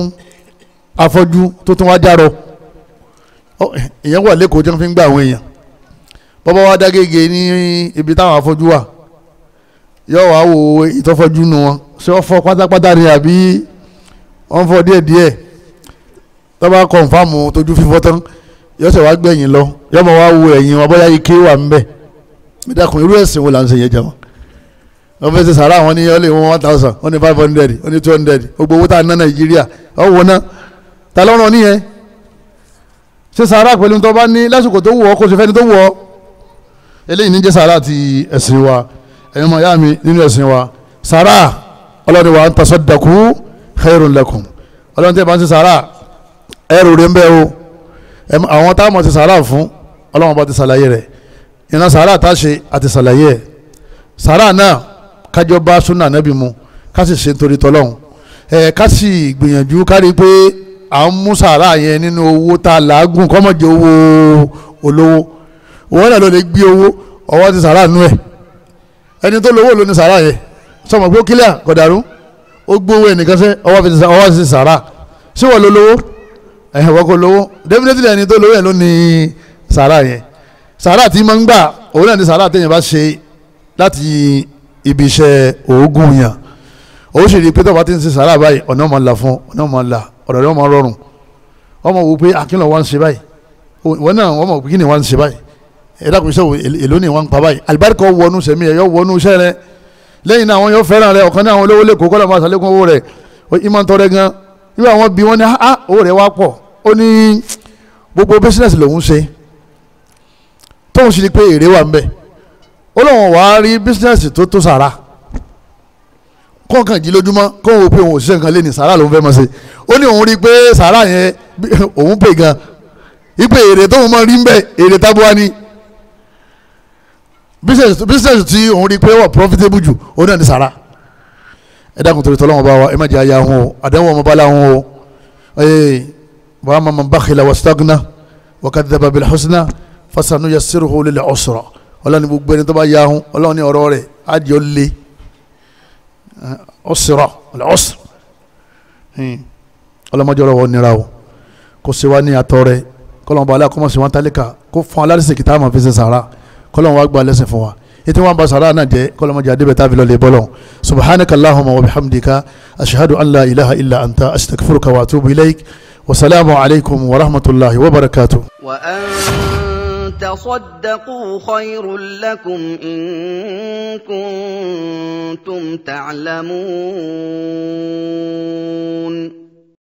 afọ́jú tó tún wá járọ ìyẹn wà lẹ́kọ̀ọ́ tí wọ́n fi ń gba àwọn èèyàn bọ́bá wa dágége ní ibi táwọn afọ́jú wà yóò wá wo ìtọ́fọ́jú nu wọn ṣé wọ́n fọ́ pátápátá ni àbí wọ́n fọ́ tójú tán yóò ṣe wá lọ yóò wá ike wà ń bẹ̀ nídàkùn irú la wo là ń ṣe yẹn jẹun wọ́n fẹ́ sàrà wọn wọn one thousand five hundred two ta lọ́rọ̀ nìyẹn ṣé sàárà pẹ̀lú tó bá ní lásìkò tó wù ọ́ kó ṣe fẹ́ni tó wù ọ́ eléyìí ní jẹ́ sàárà ti ẹ̀sìn wa ẹ̀yin ọmọ ìyá mi nínú ẹ̀sìn wa sàárà ọlọ́ni wa ń tasaddaqu khairun lakum ọlọ́ni tẹ́ bá ń ṣe sàárà ẹ̀rù rẹ̀ ń bẹ́ o àwọn táwọn ti sàárà fún ọlọ́wọ́n bá ti sàlàyé rẹ̀ ìran sàárà tá a ṣe àti sàlàyé ẹ̀ sàárà náà kájọ bá súnà nábì mu ká sì ṣe nítorí tọ́lọ́hún ẹ̀ ká sì gbìyànjú kárí pé à ń mú sàrà yẹn nínú owó tá a làágùn kọ́mọ̀jẹ̀ owó olówó òun náà ló lè gbé owó ọwọ́ ti sàrà nú ẹ̀ ẹni tó lówó ló ní sàrà yẹn sọmọ pé ó kílíà kọ̀dàrú ó gbówó ẹnìkan sẹ́ ọwọ́ ti sàrà sí wọ́n ló lówó ẹ̀hìn wọ́n kò lówó definitely ẹni tó lówó yẹn ló ní sàrà yẹn sàrà tí máa ń gbà òun náà ní sàrà téèyàn bá ṣe láti ibi iṣẹ́ òógùn yàn ó sì rí pé tó bá ti ń ṣe sàrà báyìí ọ̀nà ọmọ là fún ọ̀nà ọmọ là ọ̀rọ̀ rẹ̀ wọ́n máa rọrùn wọ́n máa wò pé akínlọ̀ ah, wá ń ṣe báyìí wọ́n náà wọ́n máa wò pé kí ni wá ń ṣe báyìí ẹ̀dá kò sẹ́wọ̀ èlò ni wá ń pa báyìí alibarika wọnú sẹ́mi ẹ̀ yọ wọnú iṣẹ́ rẹ lẹ́yìn náà àwọn yóò fẹ́ràn rẹ ọ̀kan náà àwọn olówó lè kó kọ́lọ́ máa sàlékún owó rẹ ìmọ̀ ń tọrẹ gan nígbà wọn bí wọn ní á ah, ah, owó rẹ wá pọ̀ ó ní gbogbo bísíǹnẹ̀sì lòún ṣe tóun sì ní pé èrè wà ń bẹ̀ ó lóun wàá rí bísíǹnẹ̀sì tó tó sàrà kọ́kàn jí lójúmọ́ kó òun pe òun òṣìṣẹ́ nǹkan lé ní sàrà ló fẹ́ mọ́ ṣe ó ní òun rí i pé sàrà yẹn (laughs) òun pè gan ipe èrè tóun mọ rí ń èrè tábúwa ni business tí òun rí i pé wà profitable jù òun náà ní sàrà ẹ dákun torí tọ́lọ́wọ́n wa ẹ má jẹ́ aya wọn o àdéhùn ọmọ bá láwọn o wàá mọ̀ mọ̀ bakhila wastagna wa kadhaba bil husna fasanuyassiruhu lil usra ọlọ́ni gbogbo ẹni tó bá yahun ọlọ́ni ọ̀rọ̀ rẹ̀ á jọ ọ̀sìrọ̀ ọ̀sìr ọlọ́mọdé ọlọ́wọ́ nira o kò sí wa ní atọ́ rẹ kọ́lọ́mọ balẹ̀ kọ́mọ sí wa tálíkà kó fún alárísìkì tá a máa fi ṣe sàrà kọ́lọ́mọ wa gba lẹ́sìn fún wa ètò wọn bá sàrà náà jẹ́ kọ́lọ́mọ jẹ́ adébẹ̀ tá a fi lọ lè bọ́lọ̀ subhanaka allahumma wa bihamdika ashahadu an la ilaha illa anta astaghfiruka wa atubu ilayk alaykum wa rahmatulahi wa barakatuh. تصدقوا خير لكم إن كنتم تعلمون